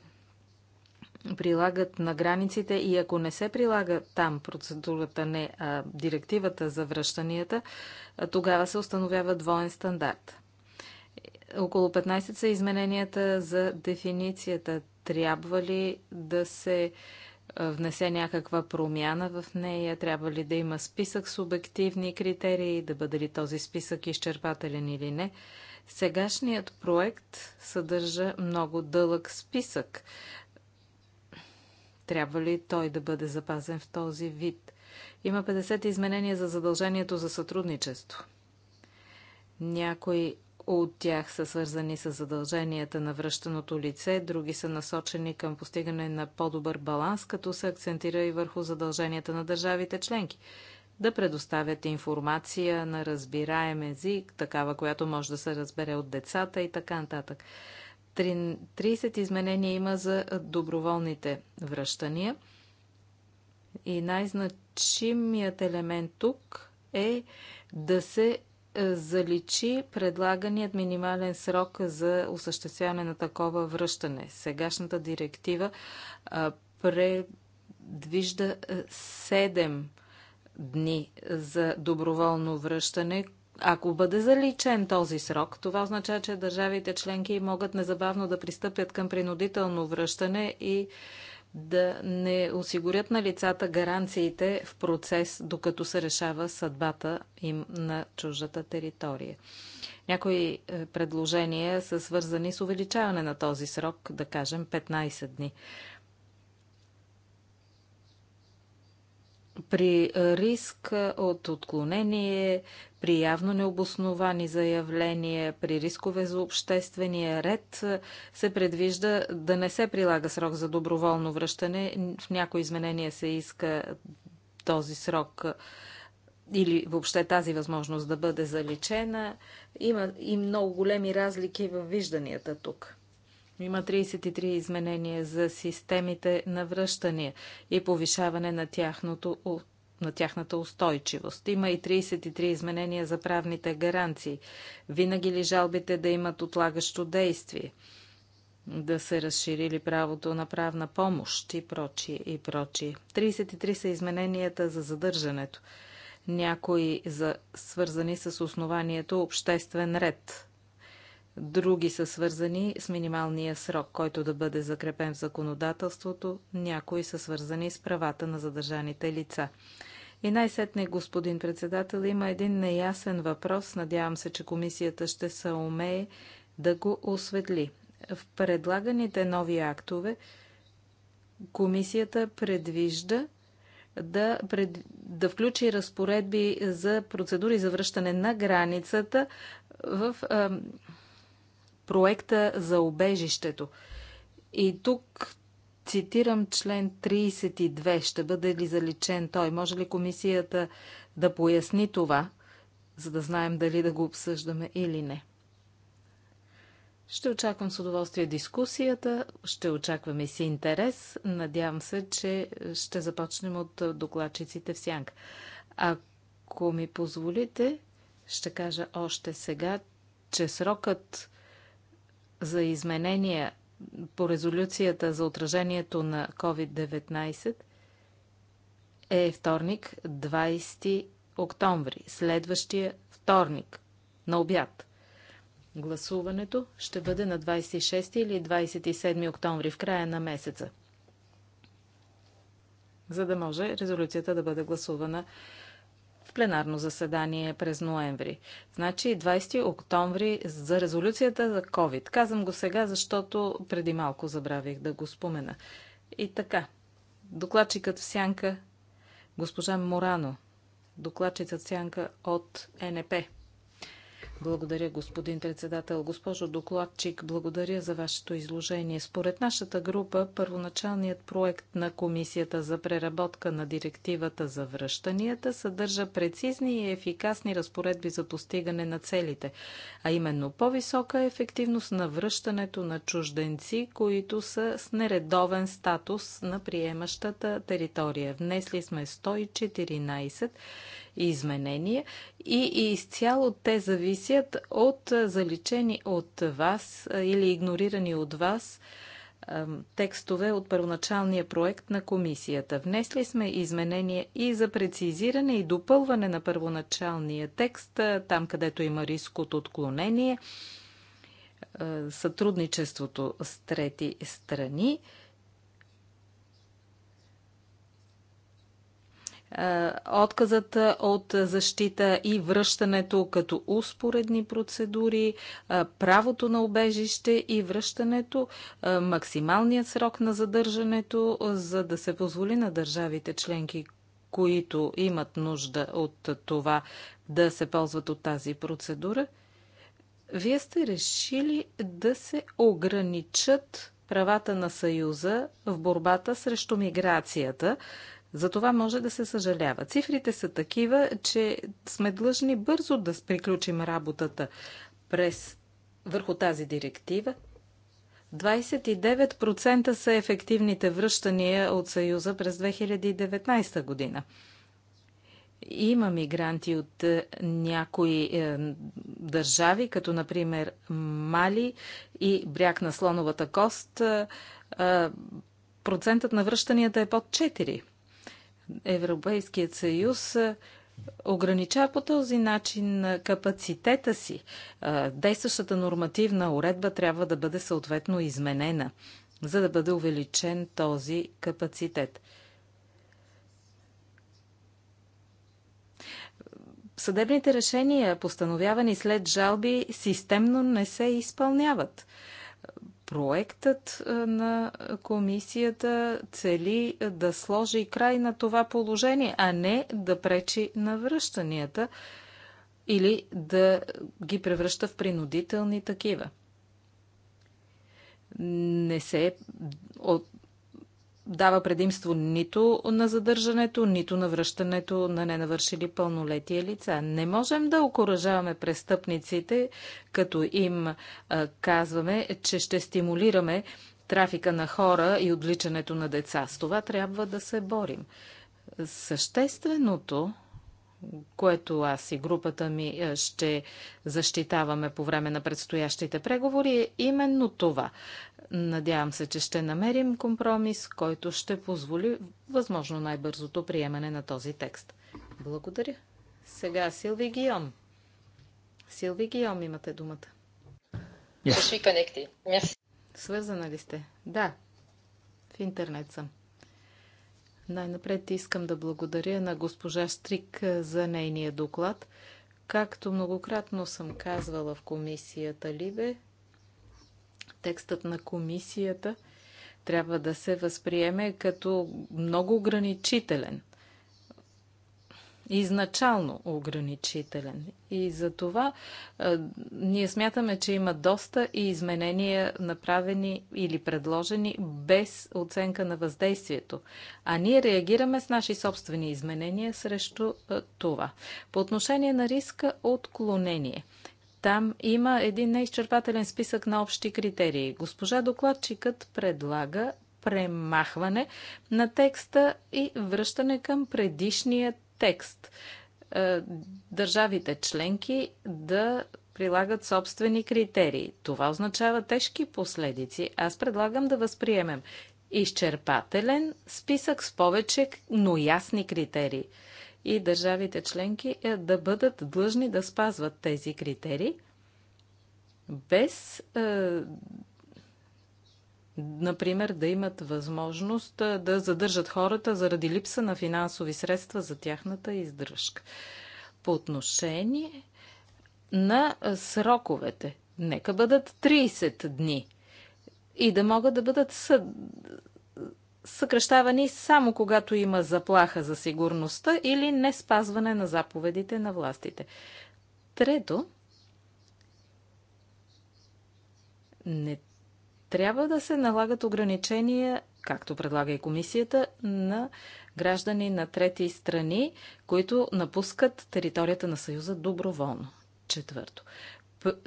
Speaker 3: прилагат на границите и ако не се прилага там процедурата, не а, директивата за връщанията, тогава се установява двоен стандарт. Около 15 са измененията за дефиницията. Трябва ли да се внесе някаква промяна в нея? Трябва ли да има списък с обективни критерии? Да бъде ли този списък изчерпателен или не? Сегашният проект съдържа много дълъг списък трябва ли той да бъде запазен в този вид? Има 50 изменения за задължението за сътрудничество. Някои от тях са свързани с задълженията на връщаното лице, други са насочени към постигане на по-добър баланс, като се акцентира и върху задълженията на държавите членки да предоставят информация на разбираем език, такава, която може да се разбере от децата и така нататък. 30 изменения има за доброволните връщания. И най-значимият елемент тук е да се е, заличи предлаганият минимален срок за осъществяване на такова връщане. Сегашната директива е, предвижда 7 е, дни за доброволно връщане, ако бъде заличен този срок, това означава, че държавите членки могат незабавно да пристъпят към принудително връщане и да не осигурят на лицата гаранциите в процес, докато се решава съдбата им на чуждата територия. Някои е, предложения са свързани с увеличаване на този срок, да кажем 15 дни. при риск от отклонение, при явно необосновани заявления, при рискове за обществения ред, се предвижда да не се прилага срок за доброволно връщане. В някои изменения се иска този срок или въобще тази възможност да бъде заличена. Има и много големи разлики във вижданията тук. Има 33 изменения за системите на връщания и повишаване на, тяхното, на тяхната устойчивост. Има и 33 изменения за правните гаранции. Винаги ли жалбите да имат отлагащо действие? да се разширили правото на правна помощ и прочие и прочие. 33 са измененията за задържането. Някои за свързани с основанието обществен ред. Други са свързани с минималния срок, който да бъде закрепен в законодателството. Някои са свързани с правата на задържаните лица. И най-сетне, господин председател, има един неясен въпрос. Надявам се, че комисията ще се умее да го осветли. В предлаганите нови актове комисията предвижда да, пред, да включи разпоредби за процедури за връщане на границата в проекта за обежището. И тук цитирам член 32. Ще бъде ли заличен той? Може ли комисията да поясни това, за да знаем дали да го обсъждаме или не? Ще очаквам с удоволствие дискусията, ще очаквам и си интерес. Надявам се, че ще започнем от докладчиците в сянка. Ако ми позволите, ще кажа още сега, че срокът за изменения по резолюцията за отражението на COVID-19 е вторник, 20 октомври, следващия вторник на обяд. Гласуването ще бъде на 26 или 27 октомври, в края на месеца, за да може резолюцията да бъде гласувана пленарно заседание през ноември. Значи 20 октомври за резолюцията за COVID. Казвам го сега, защото преди малко забравих да го спомена. И така, докладчикът в сянка госпожа Морано, докладчикът в сянка от НП. Благодаря, господин председател. Госпожо докладчик, благодаря за вашето изложение. Според нашата група, първоначалният проект на Комисията за преработка на директивата за връщанията съдържа прецизни и ефикасни разпоредби за постигане на целите, а именно по-висока ефективност на връщането на чужденци, които са с нередовен статус на приемащата територия. Внесли сме 114 изменения и изцяло те зависят от заличени от вас или игнорирани от вас текстове от първоначалния проект на комисията. Внесли сме изменения и за прецизиране и допълване на първоначалния текст, там където има риск от отклонение, сътрудничеството с трети страни – Е, отказът е, от защита и връщането като успоредни процедури, е, правото на обежище и връщането, максималният срок на задържането, за да се позволи на държавите членки, които имат нужда от това да се ползват от тази процедура, вие сте решили да се ограничат правата на Съюза в борбата срещу миграцията за това може да се съжалява. Цифрите са такива, че сме длъжни бързо да приключим работата през върху тази директива. 29% са ефективните връщания от Съюза през 2019 година. Има мигранти от е, някои е, държави, като например Мали и бряг на слоновата кост. Е, е процентът на връщанията е под 4. Европейският съюз ограничава по този начин капацитета си. Действащата нормативна уредба трябва да бъде съответно изменена, за да бъде увеличен този капацитет. Съдебните решения, постановявани след жалби, системно не се изпълняват. Проектът на комисията цели да сложи край на това положение, а не да пречи на връщанията или да ги превръща в принудителни такива. Не се от, дава предимство нито на задържането, нито на връщането на ненавършили пълнолетие лица. Не можем да окоръжаваме престъпниците, като им казваме, че ще стимулираме трафика на хора и отвличането на деца. С това трябва да се борим. Същественото което аз и групата ми е, ще защитаваме по време на предстоящите преговори, е именно това. Надявам се, че ще намерим компромис, който ще позволи възможно най-бързото приемане на този текст. Благодаря. Сега Силви Гион. Силви Гион, имате думата. Yes. Свързана ли сте? Да. В интернет съм. Най-напред искам да благодаря на госпожа Стрик е, за нейния доклад. Както многократно съм казвала в комисията Либе, текстът на комисията трябва да се възприеме като много ограничителен – изначално ограничителен. И за това е, ние смятаме, че има доста и изменения направени или предложени без оценка на въздействието. А ние реагираме с наши собствени изменения срещу е, това. По отношение на риска отклонение. Там има един неизчерпателен списък на общи критерии. Госпожа докладчикът предлага премахване на текста и връщане към предишният текст. Е, държавите членки да прилагат собствени критерии. Това означава тежки последици. Аз предлагам да възприемем изчерпателен списък с повече, но ясни критерии. И държавите членки е, да бъдат длъжни да спазват тези критерии, без е, например, да имат възможност да задържат хората заради липса на финансови средства за тяхната издръжка. По отношение на сроковете, нека бъдат 30 дни и да могат да бъдат съд... съкръщавани само когато има заплаха за сигурността или не спазване на заповедите на властите. Трето, не трябва да се налагат ограничения, както предлага и комисията, на граждани на трети страни, които напускат територията на Съюза доброволно. Четвърто.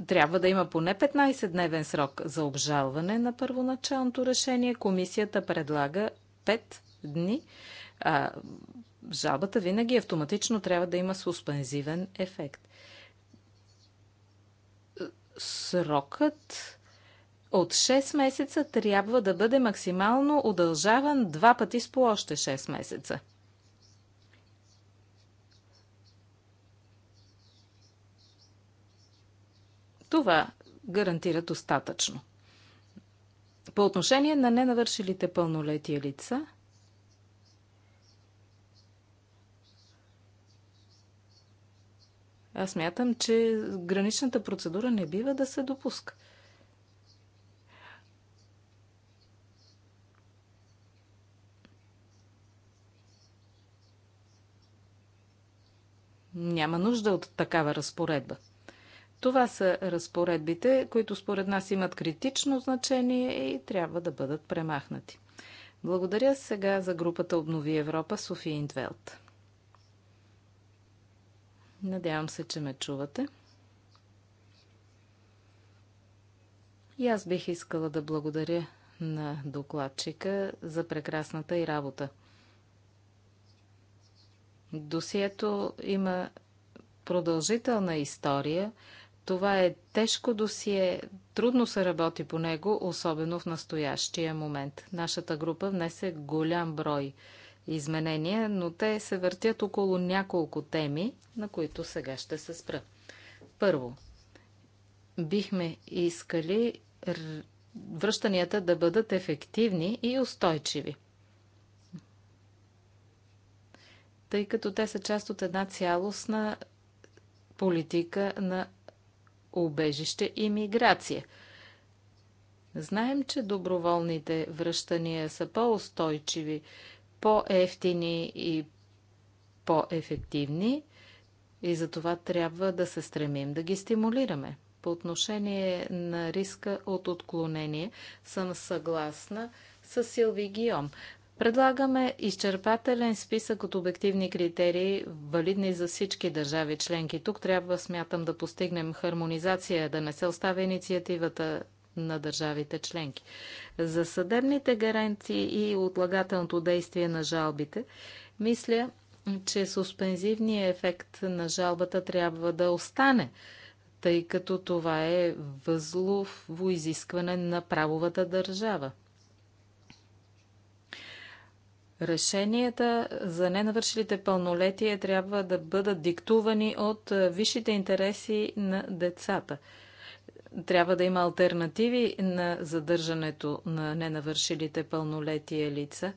Speaker 3: Трябва да има поне 15-дневен срок за обжалване на първоначалното решение. Комисията предлага 5 дни. А, жалбата винаги автоматично трябва да има суспензивен ефект. Срокът от 6 месеца трябва да бъде максимално удължаван два пъти с по още 6 месеца. Това гарантира достатъчно. По отношение на ненавършилите пълнолетия лица, аз мятам, че граничната процедура не бива да се допуска. Няма нужда от такава разпоредба. Това са разпоредбите, които според нас имат критично значение и трябва да бъдат премахнати. Благодаря сега за групата Обнови Европа София Интвелт. Надявам се, че ме чувате. И аз бих искала да благодаря на докладчика за прекрасната и работа. Досието има продължителна история. Това е тежко досие, трудно се работи по него, особено в настоящия момент. Нашата група внесе голям брой изменения, но те се въртят около няколко теми, на които сега ще се спра. Първо, бихме искали връщанията да бъдат ефективни и устойчиви. тъй като те са част от една цялостна политика на убежище и миграция. Знаем, че доброволните връщания са по-устойчиви, по-ефтини и по-ефективни и за това трябва да се стремим да ги стимулираме. По отношение на риска от отклонение съм съгласна с Силви Гиом. Предлагаме изчерпателен списък от обективни критерии, валидни за всички държави членки. Тук трябва, смятам, да постигнем хармонизация, да не се оставя инициативата на държавите членки. За съдебните гаранции и отлагателното действие на жалбите, мисля, че суспензивният ефект на жалбата трябва да остане, тъй като това е възлово изискване на правовата държава. Решенията за ненавършилите пълнолетие трябва да бъдат диктувани от висшите интереси на децата. Трябва да има альтернативи на задържането на ненавършилите пълнолетие лица.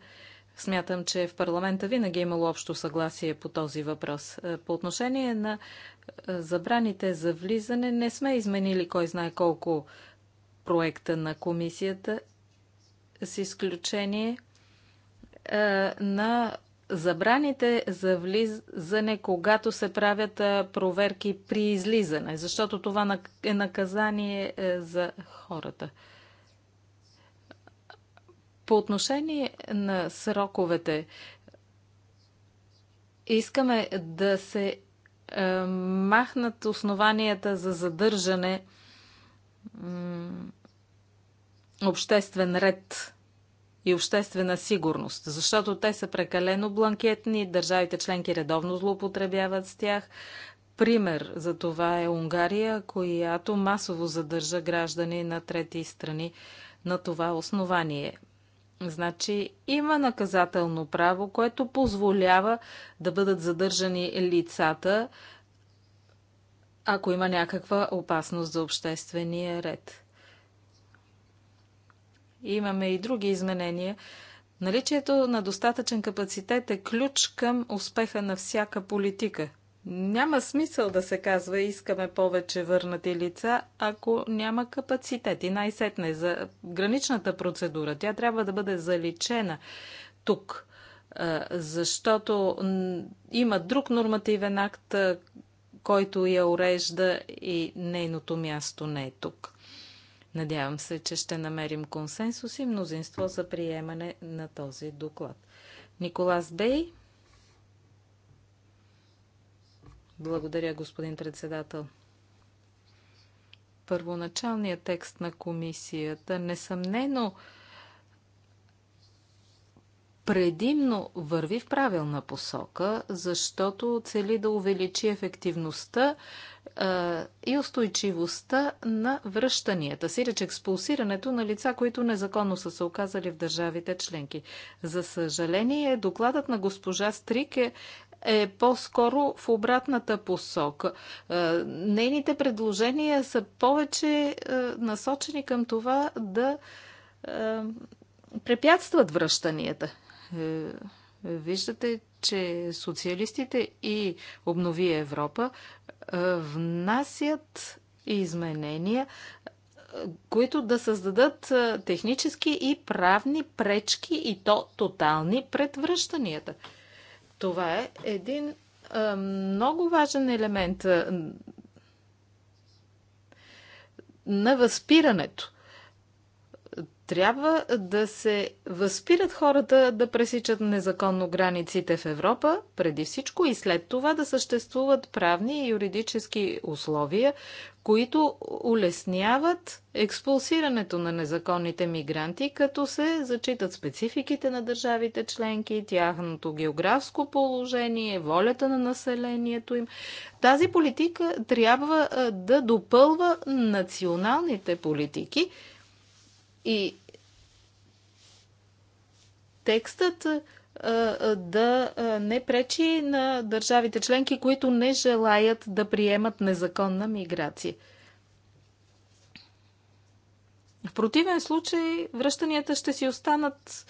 Speaker 3: Смятам, че в парламента винаги е имало общо съгласие по този въпрос. По отношение на забраните за влизане, не сме изменили кой знае колко проекта на комисията, с изключение е, на забраните за влизане, когато се правят е, проверки при излизане, защото това е наказание е, за хората. По отношение на сроковете, искаме да се махнат основанията за задържане обществен ред и обществена сигурност, защото те са прекалено бланкетни, държавите членки редовно злоупотребяват с тях. Пример за това е Унгария, която масово задържа граждани на трети страни на това основание. Значи има наказателно право, което позволява да бъдат задържани лицата, ако има някаква опасност за обществения ред имаме и други изменения. Наличието на достатъчен капацитет е ключ към успеха на всяка политика. Няма смисъл да се казва искаме повече върнати лица, ако няма капацитет. И най-сетне за граничната процедура. Тя трябва да бъде заличена тук, защото има друг нормативен акт, който я урежда и нейното място не е тук. Надявам се, че ще намерим консенсус и мнозинство за приемане на този доклад. Николас Бей. Благодаря, господин председател. Първоначалният текст на комисията несъмнено предимно върви в правилна посока, защото цели да увеличи ефективността и устойчивостта на връщанията, си, реч експулсирането на лица, които незаконно са се оказали в държавите членки. За съжаление, докладът на госпожа Стрик е е по-скоро в обратната посока. Нейните предложения са повече насочени към това да препятстват връщанията. Е, виждате, че социалистите и Обнови Европа е, внасят изменения, е, които да създадат е, технически и правни пречки и то тотални пред връщанията. Това е един много важен елемент на възпирането. Трябва да се възпират хората да пресичат незаконно границите в Европа, преди всичко и след това да съществуват правни и юридически условия, които улесняват експулсирането на незаконните мигранти, като се зачитат спецификите на държавите членки, тяхното географско положение, волята на населението им. Тази политика трябва да допълва националните политики, и текстът да не пречи на държавите членки, които не желаят да приемат незаконна миграция. В противен случай връщанията ще си останат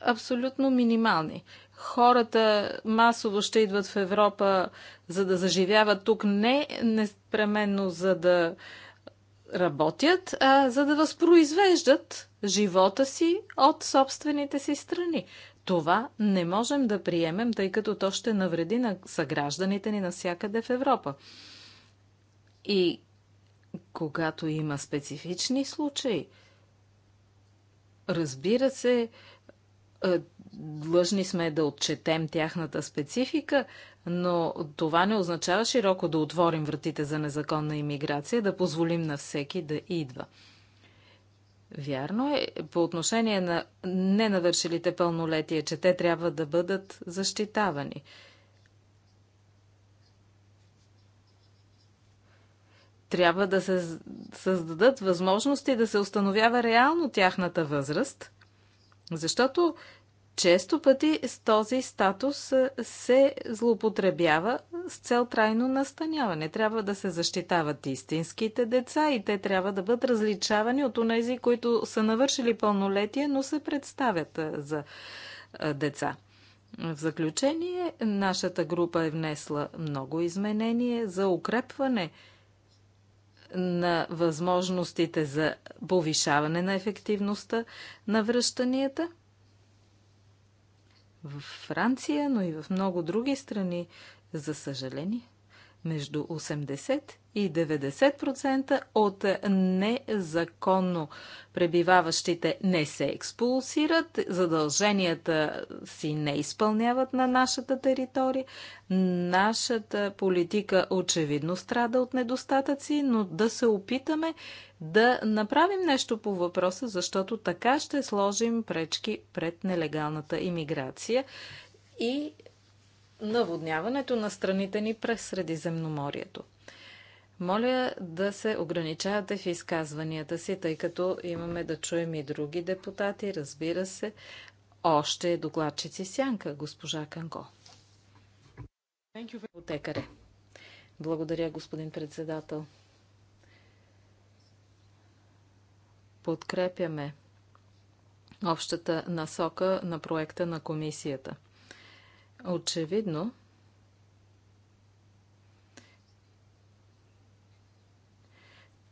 Speaker 3: абсолютно минимални. Хората масово ще идват в Европа, за да заживяват тук, не непременно за да а, работят, а за да възпроизвеждат живота си от собствените си страни. Това не можем да приемем, тъй като то ще навреди на съгражданите ни навсякъде в Европа. И когато има специфични случаи, разбира се, длъжни сме да отчетем тяхната специфика, но това не означава широко да отворим вратите за незаконна иммиграция, да позволим на всеки да идва. Вярно е по отношение на ненавършилите пълнолетие, че те трябва да бъдат защитавани. Трябва да се създадат възможности да се установява реално тяхната възраст, защото често пъти с този статус се злоупотребява с цел трайно настаняване. Трябва да се защитават истинските деца и те трябва да бъдат различавани от онези, които са навършили пълнолетие, но се представят за деца. В заключение, нашата група е внесла много изменения за укрепване на възможностите за повишаване на ефективността на връщанията – в Франция, но и в много други страни, за съжаление, между 80 и 90% от незаконно пребиваващите не се експулсират, задълженията си не изпълняват на нашата територия. Нашата политика очевидно страда от недостатъци, но да се опитаме да направим нещо по въпроса, защото така ще сложим пречки пред нелегалната иммиграция и наводняването на страните ни през Средиземноморието. Моля да се ограничавате в изказванията си, тъй като имаме да чуем и други депутати, разбира се, още е докладчици Сянка, госпожа Канко. Отекаре. Благодаря, господин председател. Подкрепяме общата насока на проекта на комисията. Очевидно,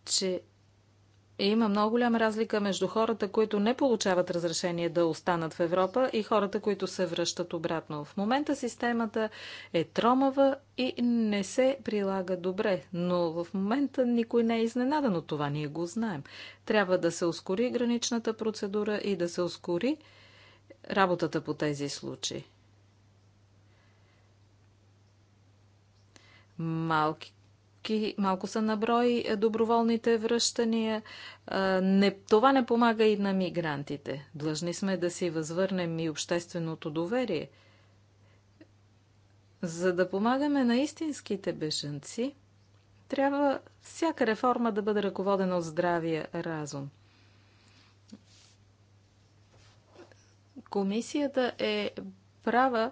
Speaker 3: че има много голяма разлика между хората, които не получават разрешение да останат в Европа и хората, които се връщат обратно. В момента системата е тромава и не се прилага добре, но в момента никой не е изненадан от това, ние го знаем. Трябва да се ускори граничната процедура и да се ускори работата по тези случаи. малки малко са наброи е, доброволните връщания. Не, това не помага и на мигрантите. Длъжни сме да си възвърнем и общественото доверие. За да помагаме на истинските бежанци, трябва всяка реформа да бъде ръководена от здравия разум. Комисията е права,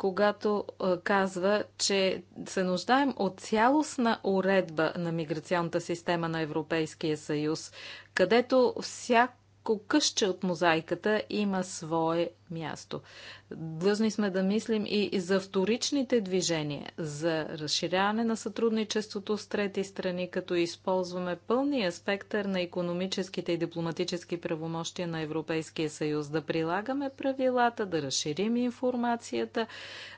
Speaker 3: когато казва, че се нуждаем от цялостна уредба на миграционната система на Европейския съюз, където всяк всяко къща от мозайката има свое място. Длъжни сме да мислим и за вторичните движения, за разширяване на сътрудничеството с трети страни, като използваме пълния спектър на економическите и дипломатически правомощия на Европейския съюз, да прилагаме правилата, да разширим информацията,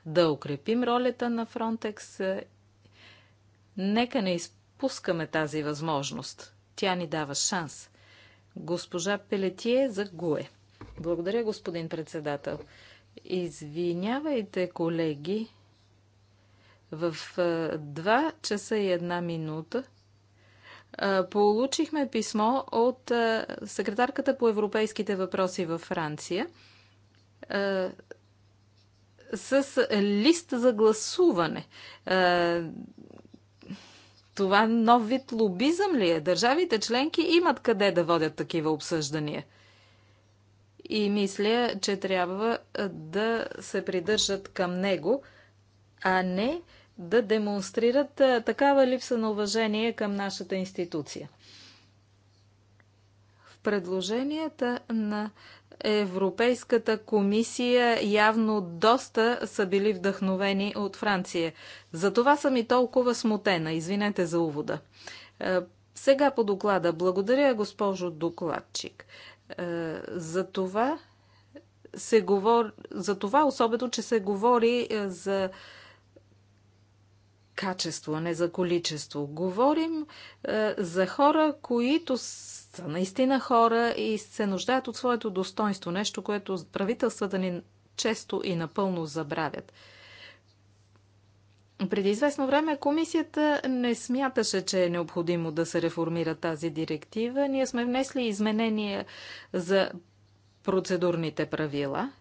Speaker 3: да укрепим ролята на Фронтекс. Нека не изпускаме тази възможност. Тя ни дава шанс – Госпожа Пелетие за ГУЕ. Благодаря, господин председател. Извинявайте, колеги, в 2 часа и една минута получихме писмо от секретарката по европейските въпроси във Франция с лист за гласуване. Това нов вид лобизъм ли е? Държавите членки имат къде да водят такива обсъждания. И мисля, че трябва да се придържат към него, а не да демонстрират такава липса на уважение към нашата институция. В предложенията на Европейската комисия явно доста са били вдъхновени от Франция. За това съм и толкова смутена. Извинете за увода. Е, сега по доклада. Благодаря, госпожо докладчик. Е, за това се говори, за това особено, че се говори е, за качество, а не за количество. Говорим за хора, които са наистина хора и се нуждаят от своето достоинство, нещо, което правителствата ни често и напълно забравят. Преди известно време комисията не смяташе, че е необходимо да се реформира тази директива. Ние сме внесли изменения за процедурните правила.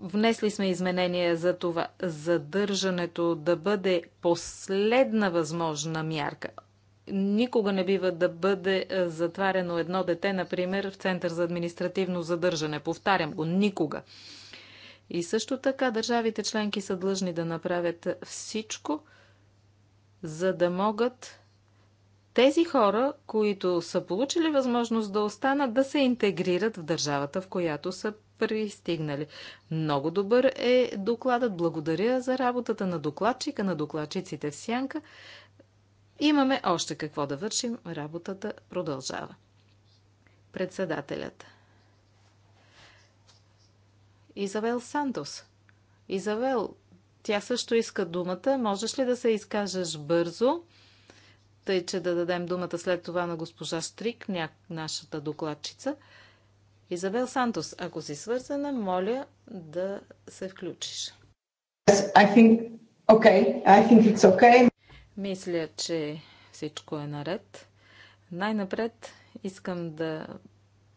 Speaker 3: Внесли сме изменения за това задържането да бъде последна възможна мярка никога не бива да бъде е, затваряно едно дете, например, в Център за административно задържане. Повтарям го, никога. И също така държавите членки са длъжни да направят всичко, за да могат тези хора, които са получили възможност да останат, да се интегрират в държавата, в която са пристигнали. Много добър е докладът. Благодаря за работата на докладчика, на докладчиците в Сянка. Имаме още какво да вършим. Работата продължава. Председателят. Изавел Сантос. Изавел, тя също иска думата. Можеш ли да се изкажеш бързо? Тъй, че да дадем думата след това на госпожа Штрик, ня... нашата докладчица. Изабел Сантос, ако си свързана, моля да се включиш. Yes, I think, okay. I think it's okay. Мисля, че всичко е наред. Най-напред искам да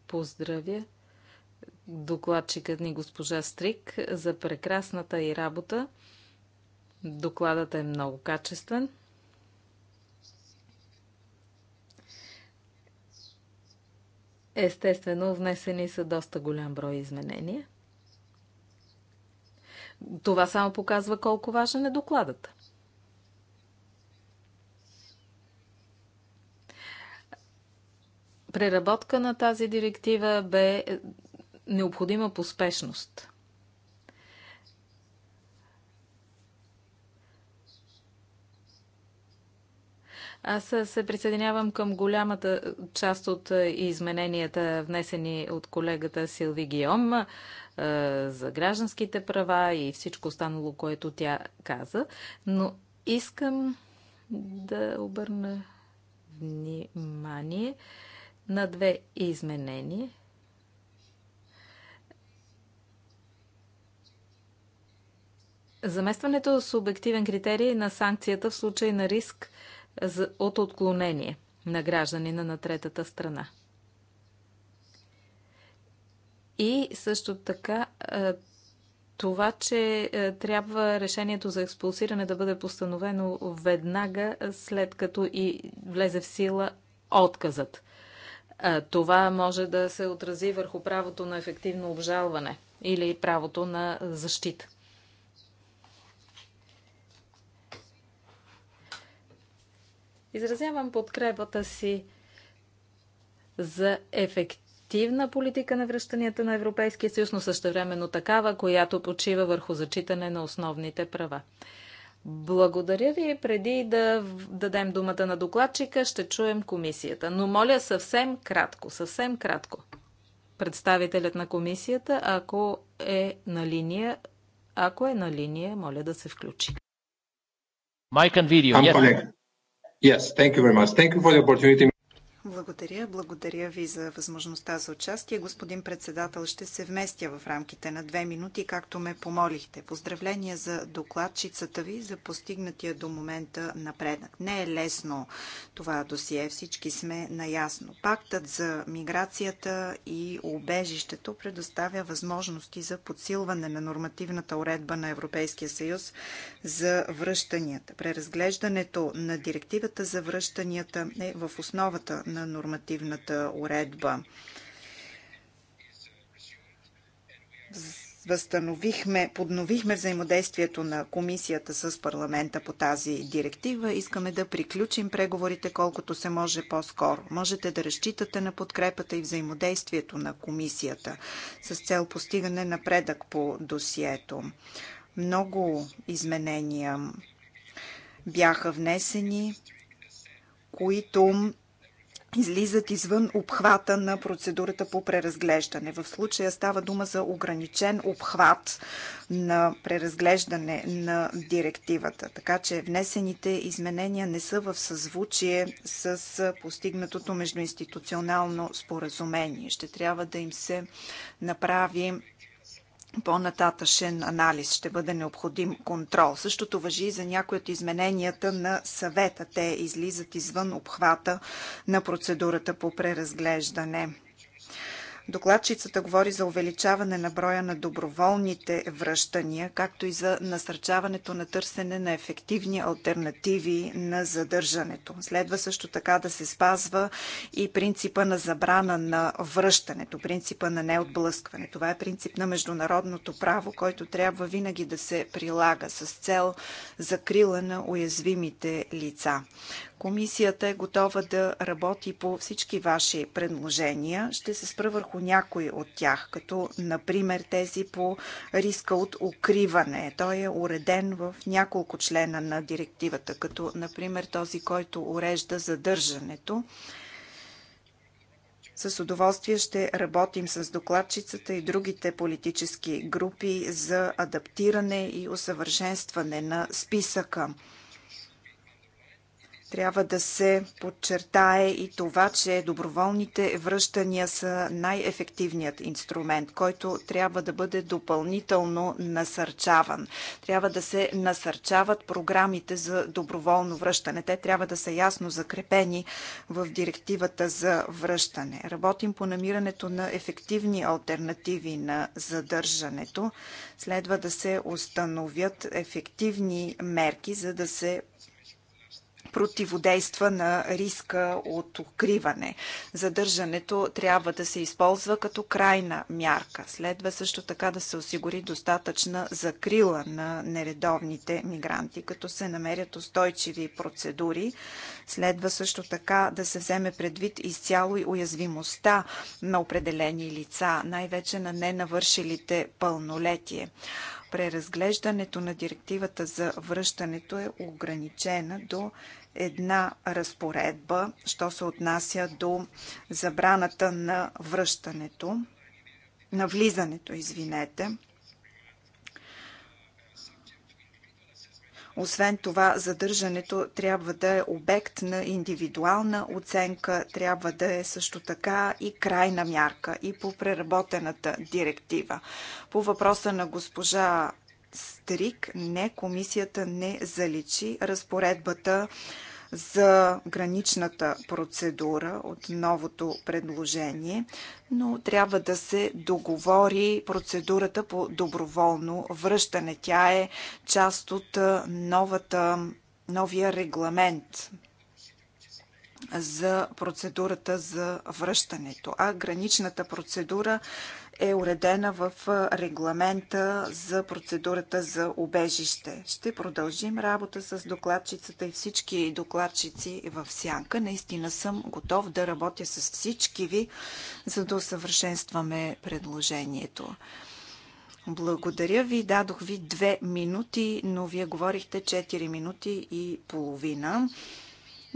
Speaker 3: поздравя докладчика ни госпожа Стрик за прекрасната и работа. Докладът е много качествен. Естествено, внесени са доста голям брой изменения. Това само показва колко важен е докладът. преработка на тази директива бе необходима поспешност. Аз се присъединявам към голямата част от измененията, внесени от колегата Силви Гиом за гражданските права и всичко останало, което тя каза. Но искам да обърна внимание на две изменения. Заместването с обективен критерий на санкцията в случай на риск от отклонение на гражданина на третата страна. И също така това, че трябва решението за експулсиране да бъде постановено веднага, след като и влезе в сила отказът. Това може да се отрази върху правото на ефективно обжалване или правото на защита. Изразявам подкрепата си за ефективна политика на връщанията на Европейския съюз, но същевременно такава, която почива върху зачитане на основните права. Благодаря ви. Преди да дадем думата на докладчика, ще чуем комисията. Но моля съвсем кратко, съвсем кратко. Представителят на комисията, ако е на линия, ако е на линия, моля да се включи.
Speaker 1: Майк and video. I'm yes. Yes, thank you very much. Thank you for the opportunity.
Speaker 2: Благодаря. Благодаря ви за възможността за участие. Господин председател, ще се вместя в рамките на две минути, както ме помолихте. Поздравления за докладчицата ви за постигнатия до момента напредък. Не е лесно това досие, всички сме наясно. Пактът за миграцията и убежището предоставя възможности за подсилване на нормативната уредба на Европейския съюз за връщанията. Преразглеждането на директивата за връщанията е в основата на на нормативната уредба. възстановихме, подновихме взаимодействието на комисията с парламента по тази директива. Искаме да приключим преговорите колкото се може по-скоро. Можете да разчитате на подкрепата и взаимодействието на комисията с цел постигане напредък по досието. Много изменения бяха внесени, които излизат извън обхвата на процедурата по преразглеждане. В случая става дума за ограничен обхват на преразглеждане на директивата, така че внесените изменения не са в съзвучие с постигнатото междуинституционално споразумение. Ще трябва да им се направи по-нататъшен анализ. Ще бъде необходим контрол. Същото въжи и за някои от измененията на съвета. Те излизат извън обхвата на процедурата по преразглеждане. Докладчицата говори за увеличаване на броя на доброволните връщания, както и за насърчаването на търсене на ефективни альтернативи на задържането. Следва също така да се спазва и принципа на забрана на връщането, принципа на неотблъскване. Това е принцип на международното право, който трябва винаги да се прилага с цел закрила на уязвимите лица. Комисията е готова да работи по всички ваши предложения. Ще се спра върху някои от тях, като например тези по риска от укриване. Той е уреден в няколко члена на директивата, като например този, който урежда задържането. С удоволствие ще работим с докладчицата и другите политически групи за адаптиране и усъвършенстване на списъка. Трябва да се подчертае и това, че доброволните връщания са най-ефективният инструмент, който трябва да бъде допълнително насърчаван. Трябва да се насърчават програмите за доброволно връщане. Те трябва да са ясно закрепени в директивата за връщане. Работим по намирането на ефективни альтернативи на задържането. Следва да се установят ефективни мерки, за да се противодейства на риска от укриване. Задържането трябва да се използва като крайна мярка. Следва също така да се осигури достатъчна закрила на нередовните мигранти, като се намерят устойчиви процедури. Следва също така да се вземе предвид изцяло и уязвимостта на определени лица, най-вече на ненавършилите пълнолетие преразглеждането на директивата за връщането е ограничена до една разпоредба, що се отнася до забраната на връщането, на влизането, извинете. Освен това, задържането трябва да е обект на индивидуална оценка, трябва да е също така и крайна мярка и по преработената директива. По въпроса на госпожа Стрик, не, комисията не заличи разпоредбата за граничната процедура от новото предложение, но трябва да се договори процедурата по доброволно връщане. Тя е част от новата, новия регламент за процедурата за връщането. А граничната процедура е уредена в регламента за процедурата за убежище. Ще продължим работа с докладчицата и всички докладчици в сянка. Наистина съм готов да работя с всички ви, за да усъвършенстваме предложението. Благодаря ви. Дадох ви две минути, но вие говорихте 4 минути и половина.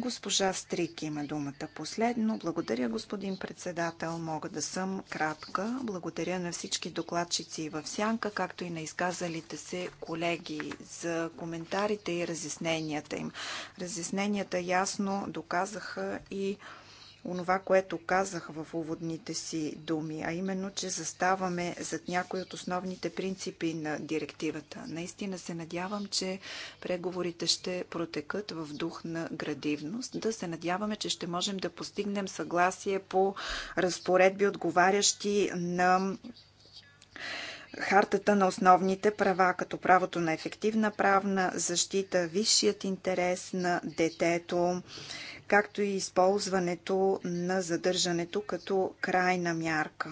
Speaker 2: Госпожа Стрик има думата последно. Благодаря, господин председател. Мога да съм кратка. Благодаря на всички докладчици в Сянка, както и на изказалите се колеги за коментарите и разясненията им. Разясненията ясно доказаха и онова, което казах в уводните си думи, а именно, че заставаме зад някои от основните принципи на директивата. Наистина се надявам, че преговорите ще протекат в дух на градивност. Да се надяваме, че ще можем да постигнем съгласие по разпоредби, отговарящи на хартата на основните права, като правото на ефективна правна защита, висшият интерес на детето, както и използването на задържането като крайна мярка.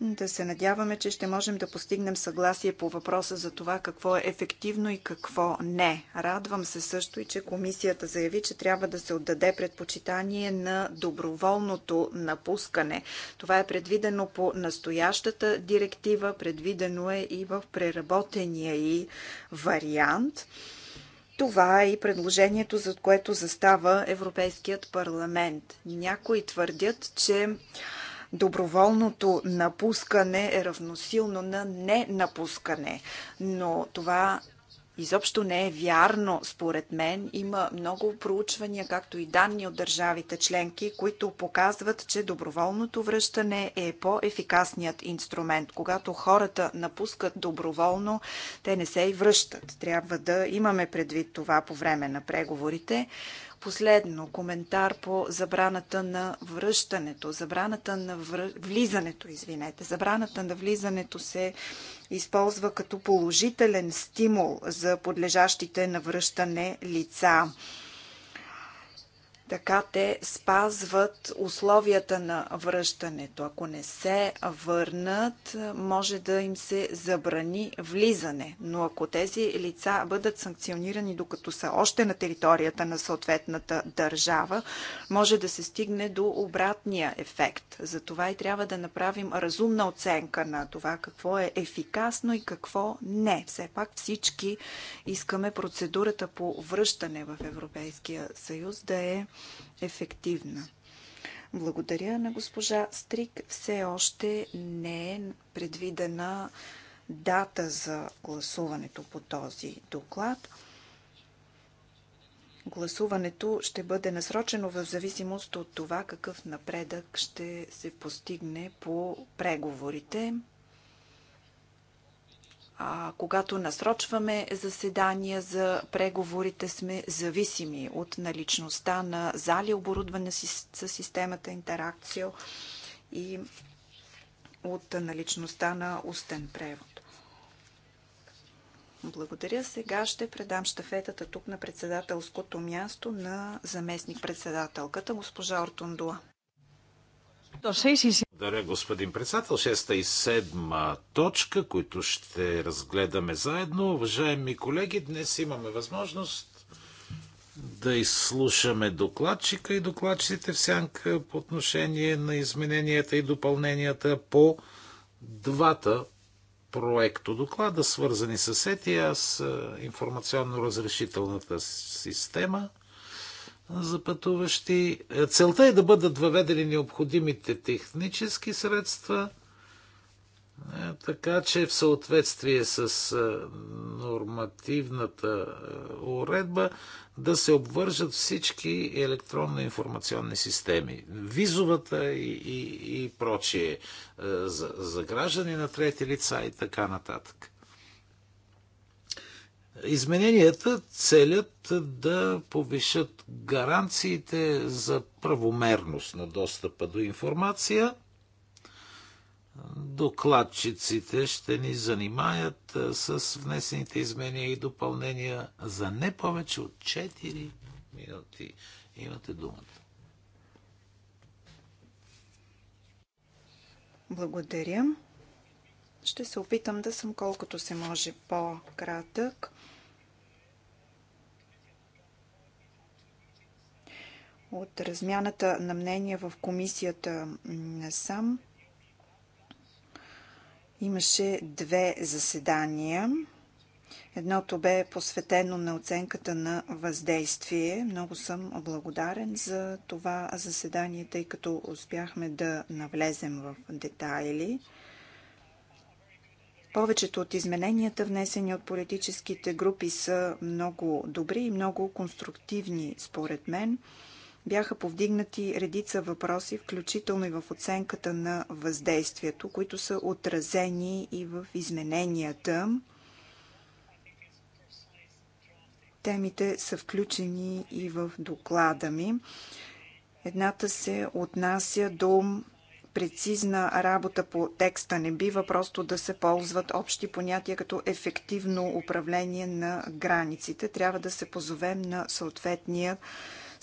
Speaker 2: Да се надяваме, че ще можем да постигнем съгласие по въпроса за това какво е ефективно и какво не. Радвам се също и, че комисията заяви, че трябва да се отдаде предпочитание на доброволното напускане. Това е предвидено по настоящата директива, предвидено е и в преработения и вариант. Това е и предложението, за което застава Европейският парламент. Някои твърдят, че доброволното напускане е равносилно на ненапускане, но това изобщо не е вярно, според мен. Има много проучвания, както и данни от държавите членки, които показват, че доброволното връщане е по-ефикасният инструмент. Когато хората напускат доброволно, те не се и връщат. Трябва да имаме предвид това по време на преговорите. Последно, коментар по забраната на връщането, забраната на вър... влизането, извинете. Забраната на влизането се използва като положителен стимул за подлежащите на връщане лица. Така те спазват условията на връщането. Ако не се върнат, може да им се забрани влизане. Но ако тези лица бъдат санкционирани докато са още на територията на съответната държава, може да се стигне до обратния ефект. Затова и трябва да направим разумна оценка на това какво е ефикасно и какво не. Все пак всички искаме процедурата по връщане в Европейския съюз да е ефективна. Благодаря на госпожа Стрик. Все още не е предвидена дата за гласуването по този доклад. Гласуването ще бъде насрочено в зависимост от това какъв напредък ще се постигне по преговорите когато насрочваме заседания за преговорите, сме зависими от наличността на зали, оборудване с, системата интеракция и от наличността на устен превод. Благодаря. Сега ще предам штафетата тук на председателското място на заместник-председателката госпожа Ортундуа.
Speaker 1: Благодаря, господин председател. Шеста и седма точка, които ще разгледаме заедно. Уважаеми колеги, днес имаме възможност да изслушаме докладчика и докладчиците в сянка по отношение на измененията и допълненията по двата проекто доклада, свързани с ЕТИА, с е, информационно-разрешителната система – за пътуващи. Целта е да бъдат въведени необходимите технически средства, е, така че в съответствие с е, нормативната е, уредба да се обвържат всички електронно-информационни системи. Визовата и, и, и прочие за, за граждани на трети лица и така нататък. Измененията целят да повишат гаранциите за правомерност на достъпа до информация. Докладчиците ще ни занимаят с внесените изменения и допълнения за не повече от 4 минути. Имате думата.
Speaker 2: Благодаря. Ще се опитам да съм колкото се може по-кратък. от размяната на мнения в комисията сам Имаше две заседания. Едното бе посветено на оценката на въздействие. Много съм благодарен за това заседание, тъй като успяхме да навлезем в детайли. Повечето от измененията, внесени от политическите групи, са много добри и много конструктивни, според мен бяха повдигнати редица въпроси, включително и в оценката на въздействието, които са отразени и в измененията. Темите са включени и в доклада ми. Едната се отнася до прецизна работа по текста. Не бива просто да се ползват общи понятия като ефективно управление на границите. Трябва да се позовем на съответния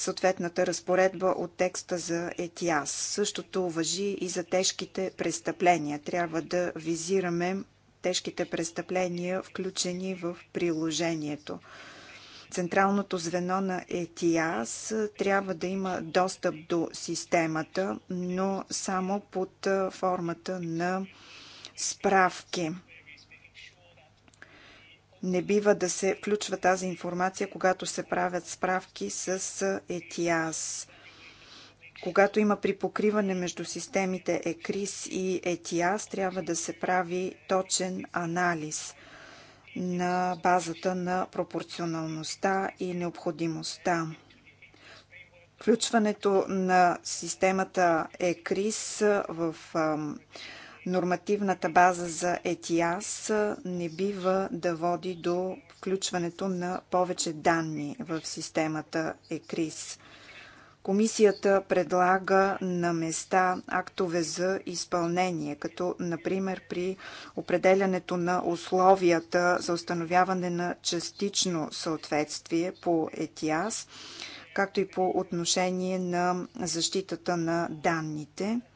Speaker 2: съответната разпоредба от текста за ЕТИАС. Същото въжи и за тежките престъпления. Трябва да визираме тежките престъпления, включени в приложението. Централното звено на ЕТИАС трябва да има достъп до системата, но само под формата на справки не бива да се включва тази информация, когато се правят справки с ETIAS. Когато има припокриване между системите ЕКРИС и ETIAS, трябва да се прави точен анализ на базата на пропорционалността и необходимостта. Включването на системата ЕКРИС в нормативната база за ЕТИАС не бива да води до включването на повече данни в системата ЕКРИС. Комисията предлага на места актове за изпълнение, като например при определянето на условията за установяване на частично съответствие по ЕТИАС, както и по отношение на защитата на данните –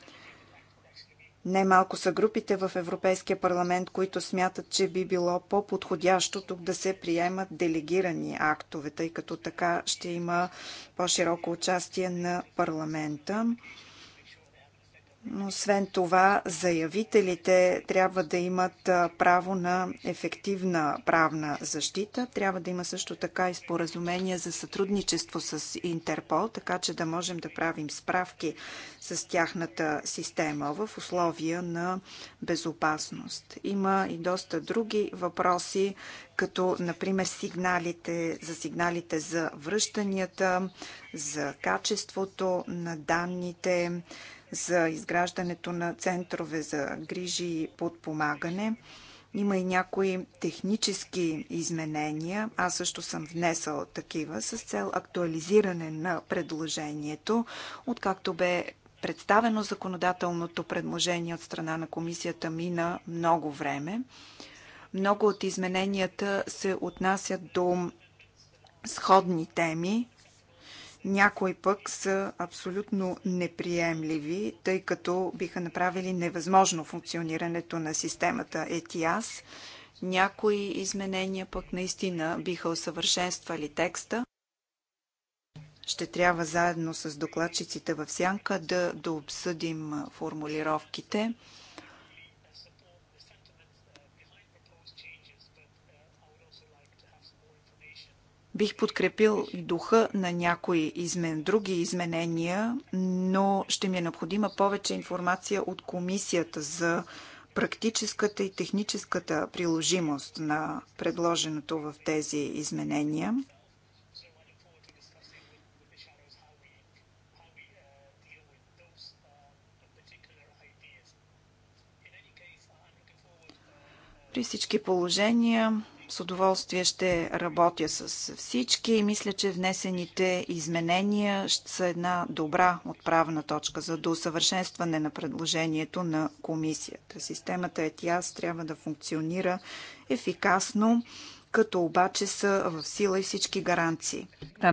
Speaker 2: Немалко са групите в Европейския парламент, които смятат, че би било по-подходящо тук да се приемат делегирани актове, тъй като така ще има по-широко участие на парламента. Но освен това, заявителите трябва да имат право на ефективна правна защита. Трябва да има също така и споразумение за сътрудничество с Интерпол, така че да можем да правим справки с тяхната система в условия на безопасност. Има и доста други въпроси, като например сигналите, за сигналите за връщанията, за качеството на данните, за изграждането на центрове за грижи и подпомагане. Има и някои технически изменения. Аз също съм внесъл такива с цел актуализиране на предложението, откакто бе представено законодателното предложение от страна на комисията мина много време. Много от измененията се отнасят до сходни теми. Някои пък са абсолютно неприемливи, тъй като биха направили невъзможно функционирането на системата ETIAS. Някои изменения пък наистина биха усъвършенствали текста. Ще трябва заедно с докладчиците в сянка да, дообсъдим обсъдим формулировките. Бих подкрепил духа на някои измен, други изменения, но ще ми е необходима повече информация от комисията за практическата и техническата приложимост на предложеното в тези изменения. При всички положения с удоволствие ще работя с всички и мисля, че внесените изменения ще са една добра отправна точка за усъвършенстване на предложението на комисията. Системата ЕТИАС трябва да функционира ефикасно, като обаче са в сила и всички гаранции.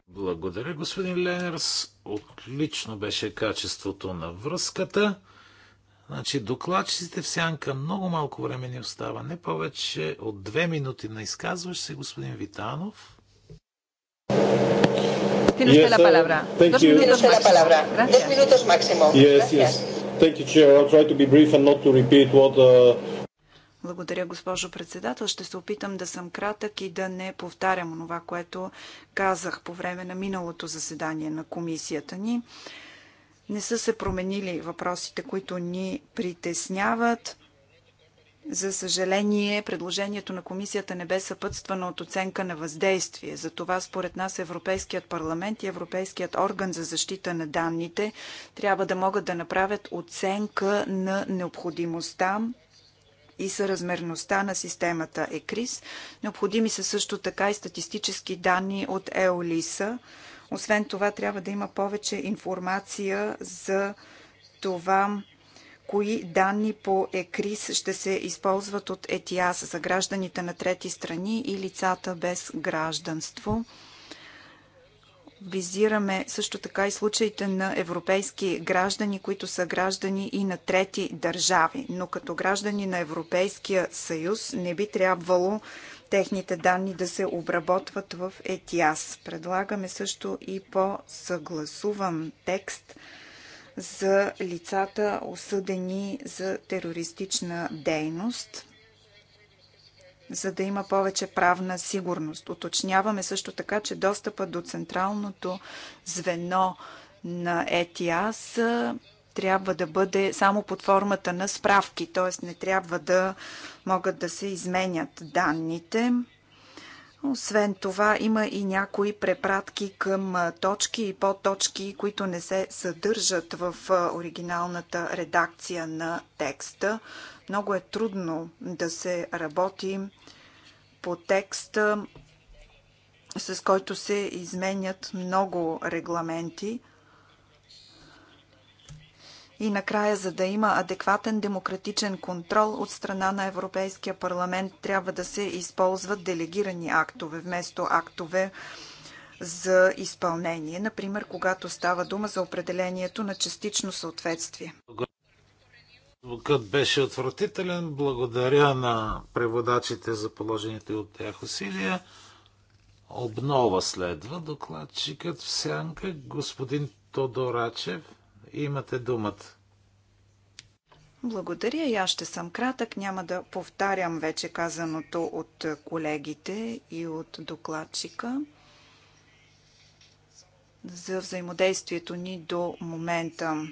Speaker 1: Благодаря, господин Ленерс. Отлично беше качеството на връзката. Значи докладчиците в сянка много малко време ни остава. Не повече от две минути на изказваш се господин Витанов. Uh,
Speaker 2: благодаря, госпожо председател. Ще се опитам да съм кратък и да не повтарям това, което казах по време на миналото заседание на комисията ни. Не са се променили въпросите, които ни притесняват. За съжаление, предложението на комисията не бе съпътствано от оценка на въздействие. Затова, според нас, Европейският парламент и Европейският орган за защита на данните трябва да могат да направят оценка на необходимостта и съразмерността на системата ЕКРИС. Необходими са също така и статистически данни от ЕОЛИСа, освен това, трябва да има повече информация за това, кои данни по ЕКРИС ще се използват от ЕТИАС за гражданите на трети страни и лицата без гражданство. Визираме също така и случаите на европейски граждани, които са граждани и на трети държави. Но като граждани на Европейския съюз не би трябвало техните данни да се обработват в ЕТИАС. Предлагаме също и по-съгласуван текст за лицата осъдени за терористична дейност, за да има повече правна сигурност. Уточняваме също така, че достъпа до централното звено на ЕТИАС трябва да бъде само под формата на справки, т.е. не трябва да могат да се изменят данните. Освен това, има и някои препратки към точки и подточки, които не се съдържат в оригиналната редакция на текста. Много е трудно да се работи по текста, с който се изменят много регламенти – и накрая, за да има адекватен демократичен контрол от страна на Европейския парламент, трябва да се използват делегирани актове вместо актове за изпълнение, например, когато става дума за определението на частично съответствие.
Speaker 1: Звукът беше отвратителен. Благодаря на преводачите за положените от тях усилия. Обнова следва докладчикът в сянка господин Тодорачев. Имате думата.
Speaker 2: Благодаря и аз ще съм кратък. Няма да повтарям вече казаното от колегите и от докладчика за взаимодействието ни до момента.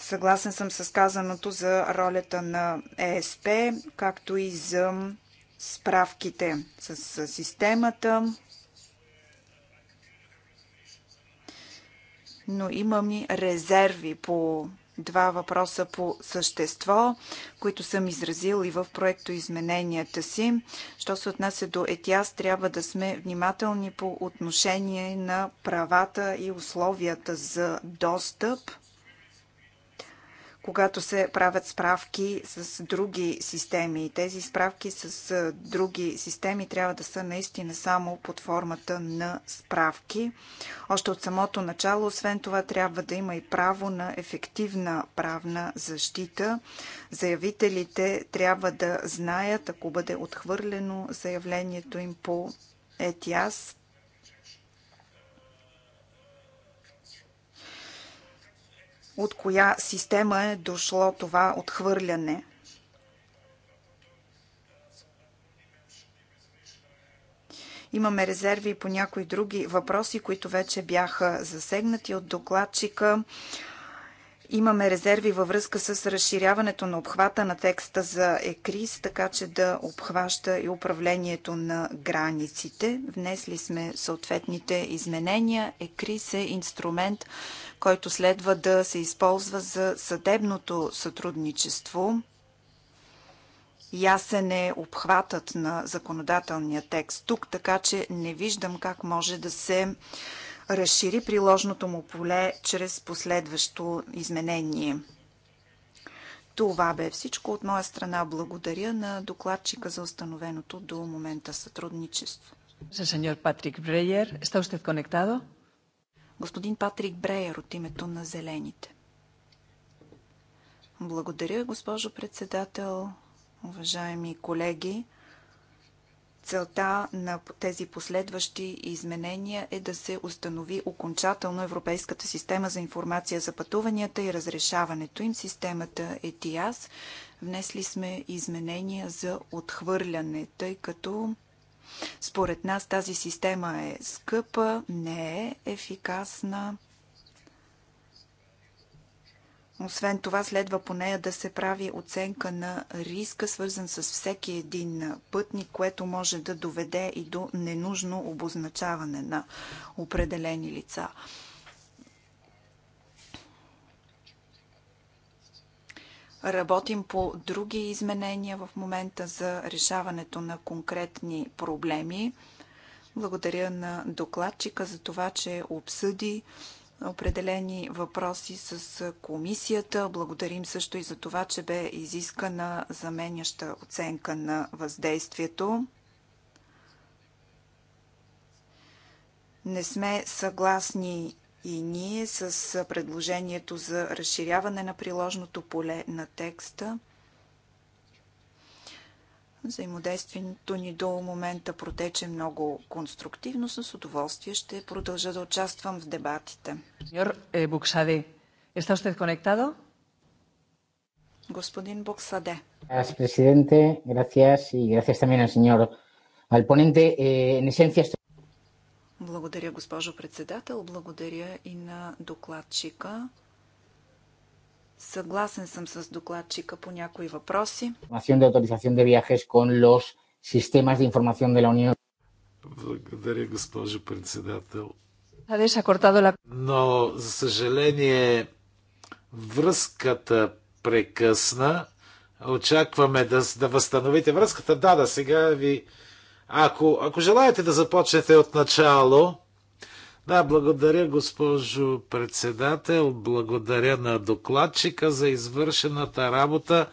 Speaker 2: Съгласен съм с казаното за ролята на ЕСП, както и за справките с системата, но имам и резерви по два въпроса по същество, които съм изразил и в проекто измененията си. Що се отнася до ЕТИАС, трябва да сме внимателни по отношение на правата и условията за достъп – когато се правят справки с други системи. Тези справки с други системи трябва да са наистина само под формата на справки. Още от самото начало, освен това, трябва да има и право на ефективна правна защита. Заявителите трябва да знаят, ако бъде отхвърлено заявлението им по ЕТИАС, от коя система е дошло това отхвърляне. Имаме резерви по някои други въпроси, които вече бяха засегнати от докладчика. Имаме резерви във връзка с разширяването на обхвата на текста за ЕКРИС, така че да обхваща и управлението на границите. Внесли сме съответните изменения. ЕКРИС е инструмент, който следва да се използва за съдебното сътрудничество. Ясен е обхватът на законодателния текст тук, така че не виждам как може да се разшири приложното му поле чрез последващо изменение. Това бе всичко от моя страна. Благодаря на докладчика за установеното до момента сътрудничество. Señor Patrick Breyer, ¿está usted conectado? Господин Патрик Бреер от името на Зелените. Благодаря, госпожо председател, уважаеми колеги. Целта на тези последващи изменения е да се установи окончателно Европейската система за информация за пътуванията и разрешаването им, системата ETIAS. Внесли сме изменения за отхвърляне, тъй като според нас тази система е скъпа, не е ефикасна. Освен това, следва по нея да се прави оценка на риска, свързан с всеки един пътник, което може да доведе и до ненужно обозначаване на определени лица. Работим по други изменения в момента за решаването на конкретни проблеми. Благодаря на докладчика за това, че обсъди определени въпроси с комисията. Благодарим също и за това, че бе изискана заменяща оценка на въздействието. Не сме съгласни и ние с предложението за разширяване на приложното поле на текста Взаимодействието ни до момента протече много конструктивно. С удоволствие ще продължа да участвам в дебатите. Е, Господин Буксаде. Gracias,
Speaker 3: presidente. Gracias y gracias también al señor, al ponente. Eh, en esencia, estoy... Благодаря, госпожо председател.
Speaker 2: Благодаря и на докладчика. Съгласен съм с докладчика по някои въпроси.
Speaker 1: Благодаря, госпожо председател. Но, за съжаление, връзката прекъсна. Очакваме да, да възстановите връзката. Да, да, сега ви ако, ако желаете да започнете от начало, да, благодаря, госпожо председател, благодаря на докладчика за извършената работа.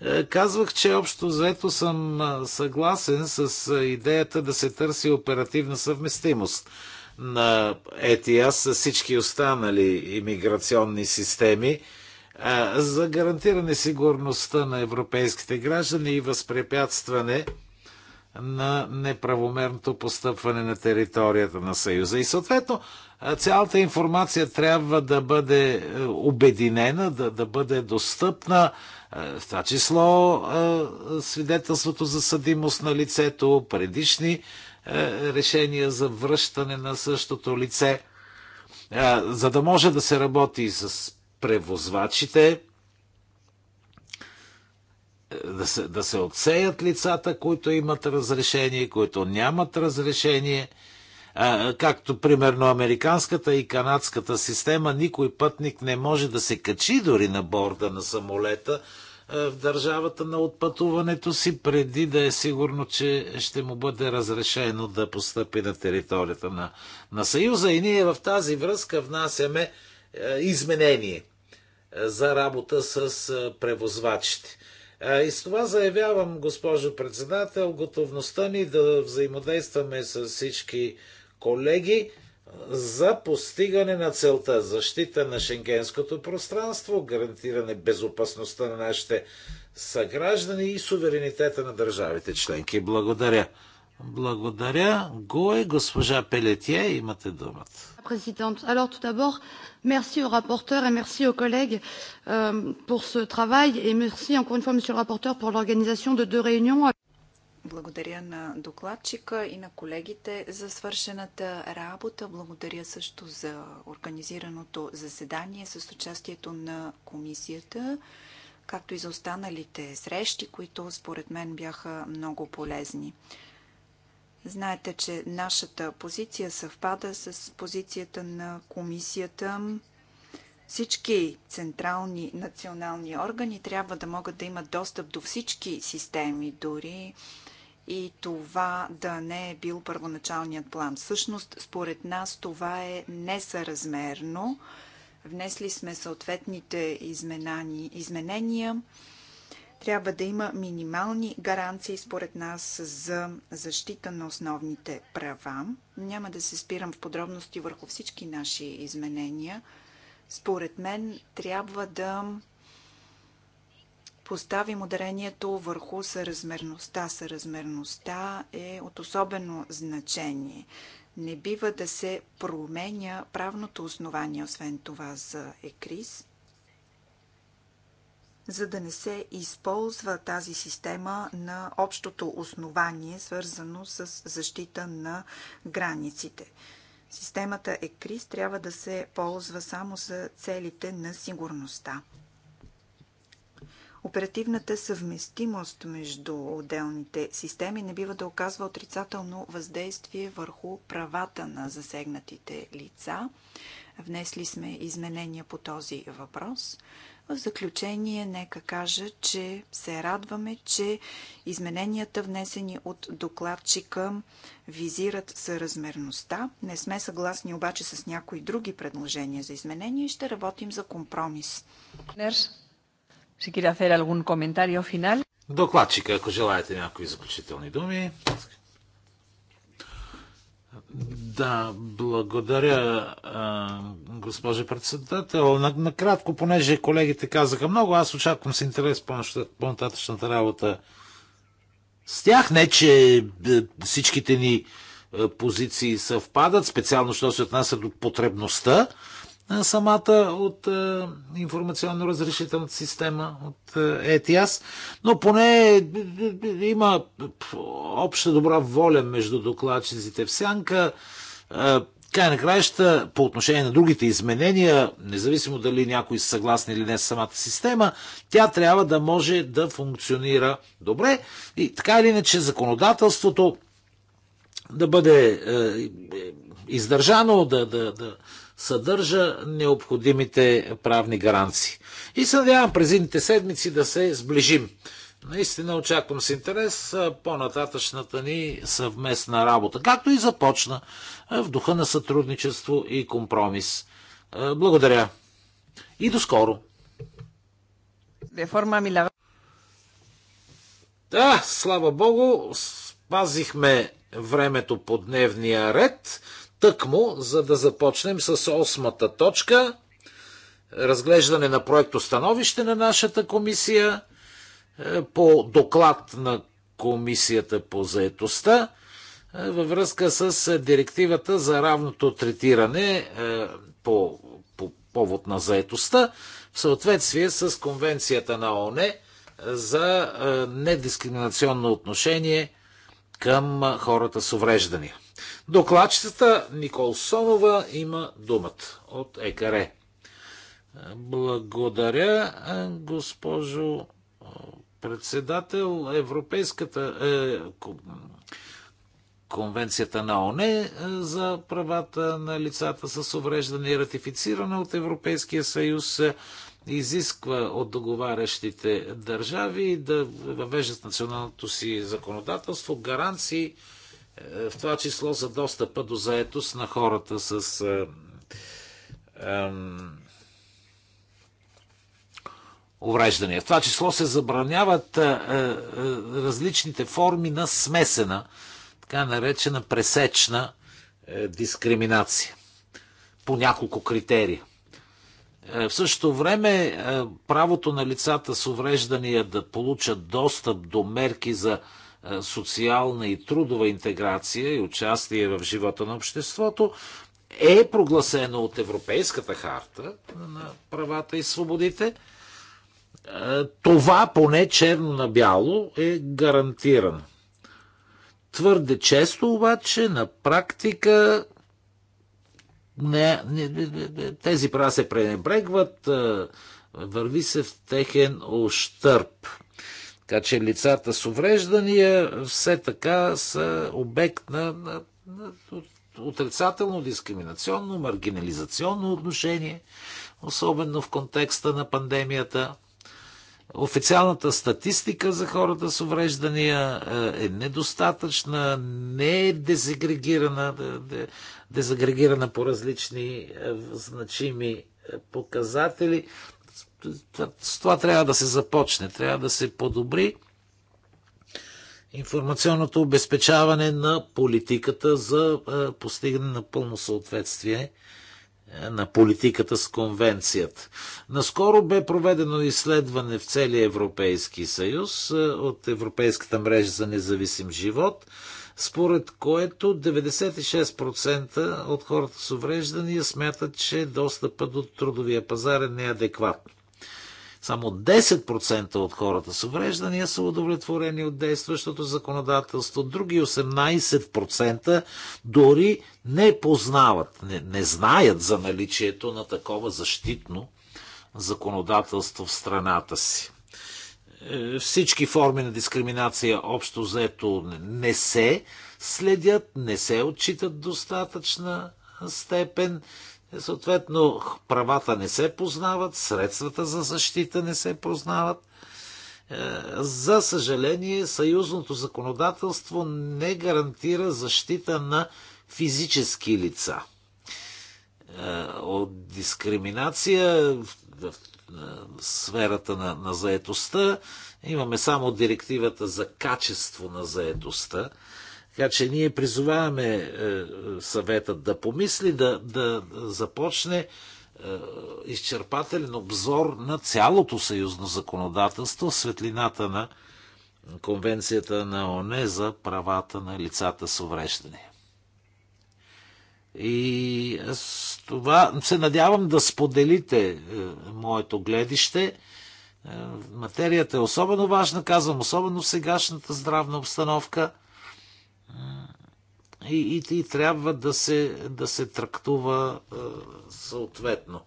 Speaker 1: Е, казвах, че общо взето съм съгласен с идеята да се търси оперативна съвместимост на ЕТИАС с всички останали имиграционни системи е, за гарантиране сигурността на европейските граждани и възпрепятстване на неправомерното постъпване на територията на Съюза. И съответно цялата информация трябва да бъде е, обединена, да, да бъде достъпна, е, в това число е, свидетелството за съдимост на лицето, предишни решения за връщане на същото лице, за да може да се работи с превозвачите, да се, да се отсеят лицата, които имат разрешение, които нямат разрешение. А, както примерно американската и канадската система, никой пътник не може да се качи дори на борда на самолета а, в държавата на отпътуването си, преди да е сигурно, че ще му бъде разрешено да постъпи на територията на, на Съюза. И ние в тази връзка внасяме а, изменение за работа с превозвачите. И с това заявявам, госпожо председател, готовността ни да взаимодействаме с всички колеги за постигане на целта защита на шенгенското пространство, гарантиране безопасността на нашите съграждани и суверенитета на държавите членки. Благодаря. Благодаря. Гой, госпожа Пелетия имате думата
Speaker 3: présidente. Alors tout d'abord, merci au rapporteur
Speaker 2: et merci aux collègues euh, pour ce travail et merci encore une fois, monsieur le rapporteur, pour l'organisation de deux réunions. Благодаря на докладчика и на колегите за свършената работа. Благодаря също за организираното заседание с участието на комисията, както и за останалите срещи, които според мен бяха много полезни. Знаете, че нашата позиция съвпада с позицията на комисията. Всички централни национални органи трябва да могат да имат достъп до всички системи, дори и това да не е бил първоначалният план. Всъщност, според нас това е несъразмерно. Внесли сме съответните изменения трябва да има минимални гаранции, според нас, за защита на основните права. Няма да се спирам в подробности върху всички наши изменения. Според мен трябва да поставим ударението върху съразмерността. Съразмерността е от особено значение. Не бива да се променя правното основание, освен това за ЕКРИС за да не се използва тази система на общото основание, свързано с защита на границите. Системата ЕКРИС трябва да се ползва само за целите на сигурността. Оперативната съвместимост между отделните системи не бива да оказва отрицателно въздействие върху правата на засегнатите лица. Внесли сме изменения по този въпрос – в заключение, нека кажа, че се радваме, че измененията, внесени от докладчика, визират съразмерността. Не сме съгласни обаче с някои други предложения за изменения и ще работим за компромис.
Speaker 1: Докладчика, ако желаете някои заключителни думи. Да, благодаря, госпожа председател. Накратко, понеже колегите казаха много, аз очаквам с интерес по-нататъчната работа с тях. Не, че е, всичките ни е, позиции съвпадат, специално, що се отнася до потребността на е, самата от информационно-разрешителната система от ETIAS, но поне има обща добра воля между докладчиците в сянка Край на краища, по отношение на другите изменения, независимо дали някои са съгласни или не с самата система, тя трябва да може да функционира добре. И така или иначе, законодателството да бъде е, е издържано, да, да, да съдържа необходимите правни гаранции. И се надявам през едните седмици да се сближим. Наистина очаквам с интерес е, по-нататъчната ни съвместна работа, както и започна в духа на сътрудничество и компромис. Благодаря и до скоро! Да, слава богу, спазихме времето по дневния ред. Тъкмо, за да започнем с осмата точка. Разглеждане на проекто становище на нашата комисия е, по доклад на Комисията по заетостта във връзка с директивата за равното третиране по, по повод на заетостта в съответствие с Конвенцията на ОНЕ за недискриминационно отношение към хората с увреждания. Докладчицата Никол Сонова има думата от ЕКАРЕ. Благодаря, госпожо председател. Европейската е, Конвенцията на ОНЕ за правата на лицата с увреждане, ратифицирана от Европейския съюз, е, изисква от договарящите държави да въвеждат националното си законодателство гаранции, е, в това число за достъпа до заетост на хората с е, увреждания. В това число се забраняват различните форми на смесена така наречена пресечна е, дискриминация по няколко критерия. Е, в същото време е, правото на лицата с увреждания да получат достъп до мерки за социална и трудова интеграция и участие в живота на обществото е прогласено от Европейската харта на правата и свободите. Това поне черно на бяло е гарантирано. Твърде често обаче на практика не, не, не, не, тези права се пренебрегват, върви се в техен ощърп. Така че лицата с увреждания все така са обект на, на, на отрицателно, дискриминационно, маргинализационно отношение, особено в контекста на пандемията – Официалната статистика за хората с увреждания е, е недостатъчна, не е дезагрегирана, дезагрегирана по различни е, значими е, показатели. С това трябва да се започне, трябва да се подобри информационното обезпечаване на политиката за постигане на пълно съответствие е, на политиката с конвенцията. Наскоро бе проведено изследване в целия Европейски съюз е, от Европейската мрежа за независим живот, според което 96% от хората с увреждания смятат, че достъпа до трудовия пазар е неадекватно. Само 10% от хората с увреждания са удовлетворени от действащото законодателство, други 18% дори не познават, не, не знаят за наличието на такова защитно законодателство в страната си. Е, всички форми на дискриминация общо взето не се следят, не се отчитат достатъчна степен Съответно, правата не се познават, средствата за защита не се познават. Е, за съжаление, съюзното законодателство не гарантира защита на физически лица е, от дискриминация в сферата на, на заетостта. Имаме само директивата за качество на заетостта, така че ние призоваваме е, съвета да помисли, да, да започне е, изчерпателен обзор на цялото съюзно законодателство в светлината на Конвенцията на ОНЕ за правата на лицата с увреждане. И с това се надявам да споделите е, моето гледище. Материята е особено важна, казвам, особено в сегашната здравна обстановка – и, и, и трябва да се, да се трактува е, съответно.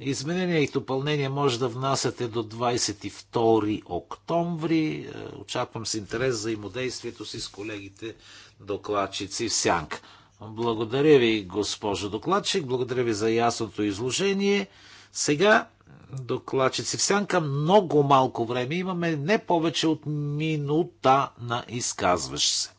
Speaker 1: Изменения и допълнения може да внасяте до 22 октомври. Е, очаквам с интерес взаимодействието си с колегите докладчици в Сянк. Благодаря ви, госпожо докладчик. Благодаря ви за ясното изложение. Сега докладчици в Сянка. Много малко време имаме, не повече от минута на изказващ се.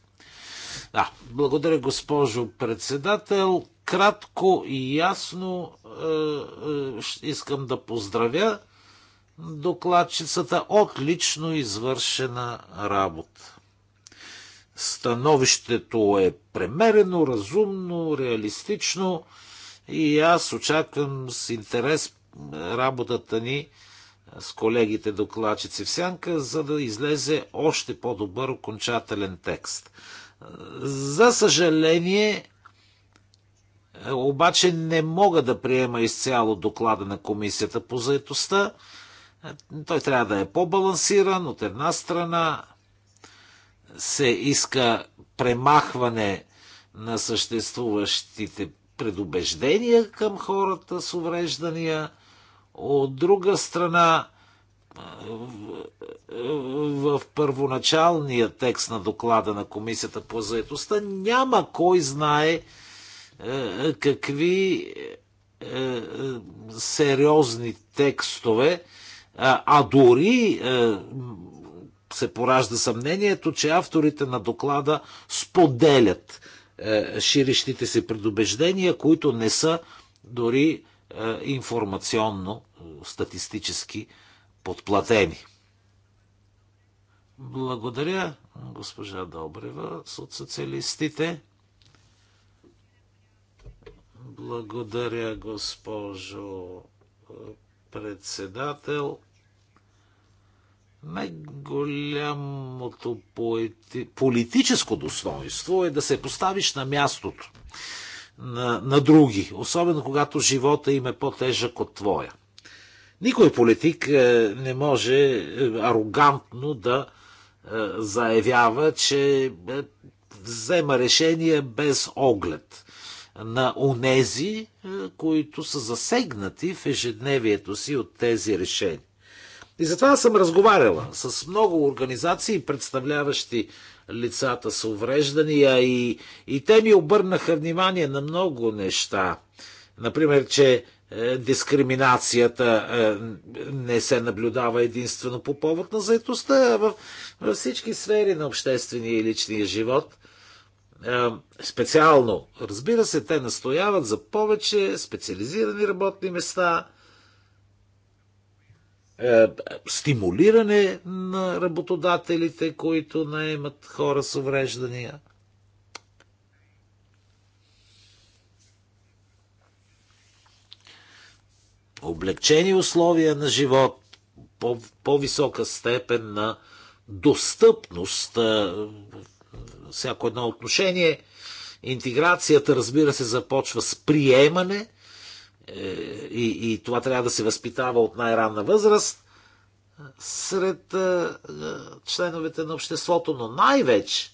Speaker 1: Да, благодаря, госпожо председател. Кратко и ясно е, е, искам да поздравя докладчицата от лично извършена работа. Становището е премерено, разумно, реалистично и аз очаквам с интерес е, работата ни с колегите докладчици в сянка, за да излезе още по-добър окончателен текст. За съжаление, е, обаче не мога да приема изцяло доклада на комисията по заедостта. Е, той трябва да е по-балансиран. От една страна се иска премахване на съществуващите предубеждения към хората с увреждания. От друга страна в първоначалния текст на доклада на Комисията по заедостта няма кой знае е, какви е, сериозни текстове, а дори е, се поражда съмнението, че авторите на доклада споделят ширещите се предубеждения, които не са дори информационно, статистически подплатени. Благодаря, госпожа Добрева, от социалистите. Благодаря, госпожо председател. Най-голямото политическо достоинство е да се поставиш на мястото на, на други, особено когато живота им е по-тежък от твоя. Никой политик е, не може е, арогантно да е, заявява, че взема решение без оглед на онези, които са засегнати в ежедневието си от тези решения. И затова съм разговаряла с много организации, представляващи лицата с увреждания и, и те ми обърнаха внимание на много неща. Например, че е, дискриминацията е, не се наблюдава единствено по повод на заетостта, а във всички сфери на обществения и личния живот. Е, специално, разбира се, те настояват за повече специализирани работни места, стимулиране на работодателите, които наемат хора с увреждания. облегчени условия на живот, по- по-висока степен на достъпност всяко едно отношение. Интеграцията, разбира се, започва с приемане е, и, и това трябва да се възпитава от най-ранна възраст сред членовете на обществото, но най-вече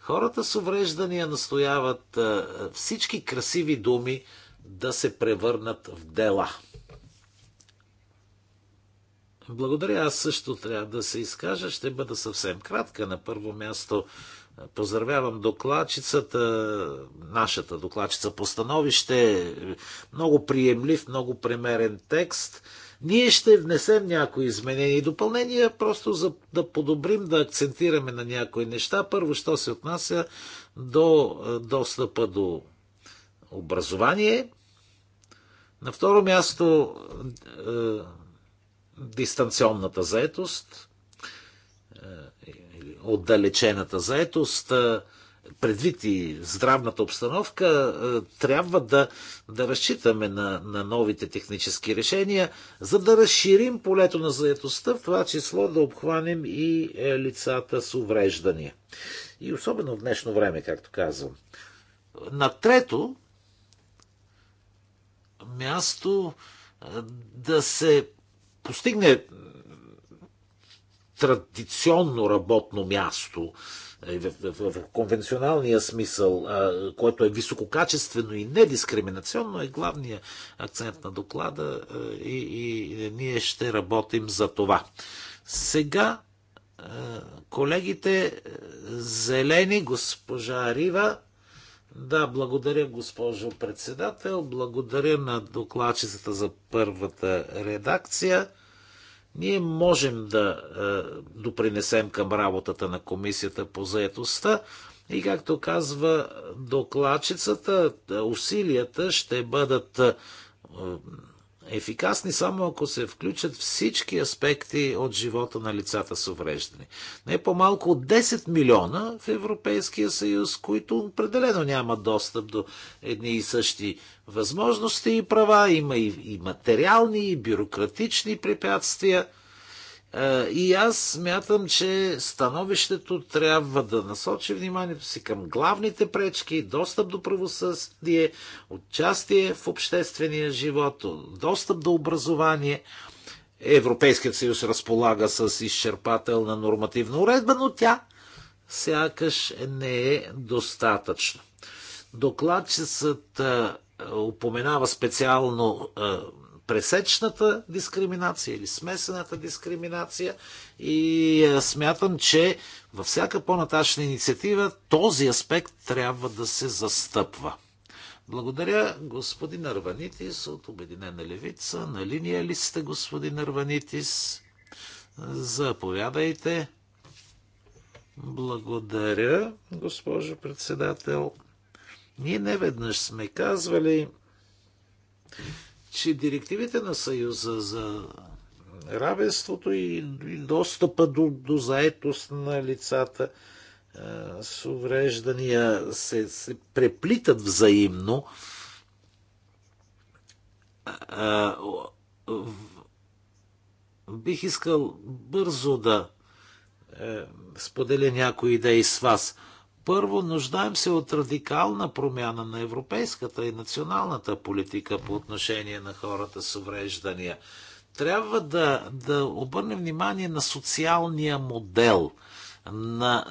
Speaker 1: хората с увреждания настояват всички красиви думи да се превърнат в дела. Благодаря, аз също трябва да се изкажа. Ще бъда съвсем кратка. На първо място е, поздравявам докладчицата, нашата докладчица по становище. Много приемлив, много премерен текст. Ние ще внесем някои изменения и допълнения, просто за да подобрим, да акцентираме на някои неща. Първо, що се отнася до е, достъпа до образование. На второ място, е, дистанционната заетост, е, отдалечената заетост, е, предвид и здравната обстановка, е, трябва да, да разчитаме на, на новите технически решения, за да разширим полето на заетостта, в това число да обхванем и лицата с увреждания. И особено в днешно време, както казвам. На трето място да се постигне е, традиционно работно място е, в, в, в, конвенционалния смисъл, а, е, което е висококачествено и недискриминационно, е главният акцент на доклада а, и, и ние ще работим за това. Сега а, колегите зелени, госпожа Рива, да, благодаря, госпожо председател. Благодаря на докладчицата за първата редакция. Ние можем да е, допринесем към работата на Комисията по заетостта и, както казва докладчицата, усилията ще бъдат е, ефикасни само ако се включат всички аспекти от живота на лицата с увреждане. Не по-малко от 10 милиона в Европейския съюз, които определено нямат достъп до едни и същи възможности и права. Има и, и материални, и бюрократични препятствия – е, и аз смятам, че становището трябва да насочи вниманието си към главните пречки, достъп до правосъдие, участие в обществения живот, достъп до образование. Европейският съюз разполага с изчерпателна нормативна уредба, но тя сякаш не е достатъчна. Докладчицата е, упоменава специално е, пресечната дискриминация или смесената дискриминация и е, смятам, че във всяка по натачна инициатива този аспект трябва да се застъпва. Благодаря, господин Арванитис от Обединена левица. На линия ли сте, господин Арванитис? Заповядайте. Благодаря, госпожо председател. Ние не веднъж сме казвали, че директивите на Съюза за равенството и достъпа до, до заетост на лицата а, е, с увреждания се, се преплитат взаимно. А, бих искал бързо да е, споделя някои идеи с вас. Първо, нуждаем се от радикална промяна на европейската и националната политика по отношение на хората с увреждания. Трябва да, да обърнем внимание на социалния модел, на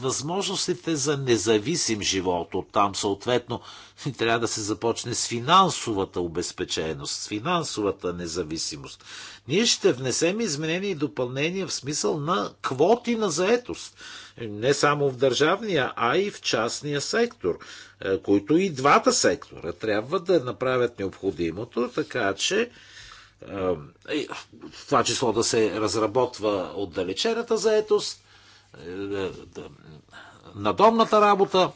Speaker 1: възможностите за независим живот. От там съответно трябва да се започне с финансовата обезпеченост, с финансовата независимост. Ние ще внесем изменения и допълнения в смисъл на квоти на заетост. Не само в държавния, а и в частния сектор, е, които и двата сектора трябва да направят необходимото, така че е, е, в това число да се разработва отдалечената заетост, надомната работа.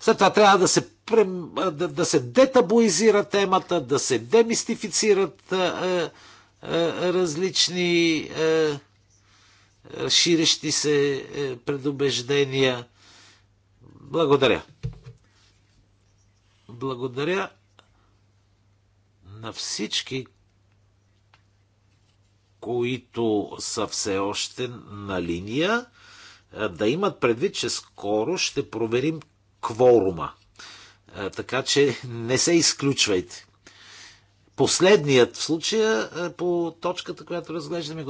Speaker 1: След това трябва да се да, да се детабуизира темата, да се демистифицират а, а, различни а, ширещи се е, предубеждения. Благодаря. Благодаря на всички, които са все още на линия, да имат предвид, че скоро ще проверим кворума. Така че не се изключвайте. Последният в случая по точката, която разглеждаме,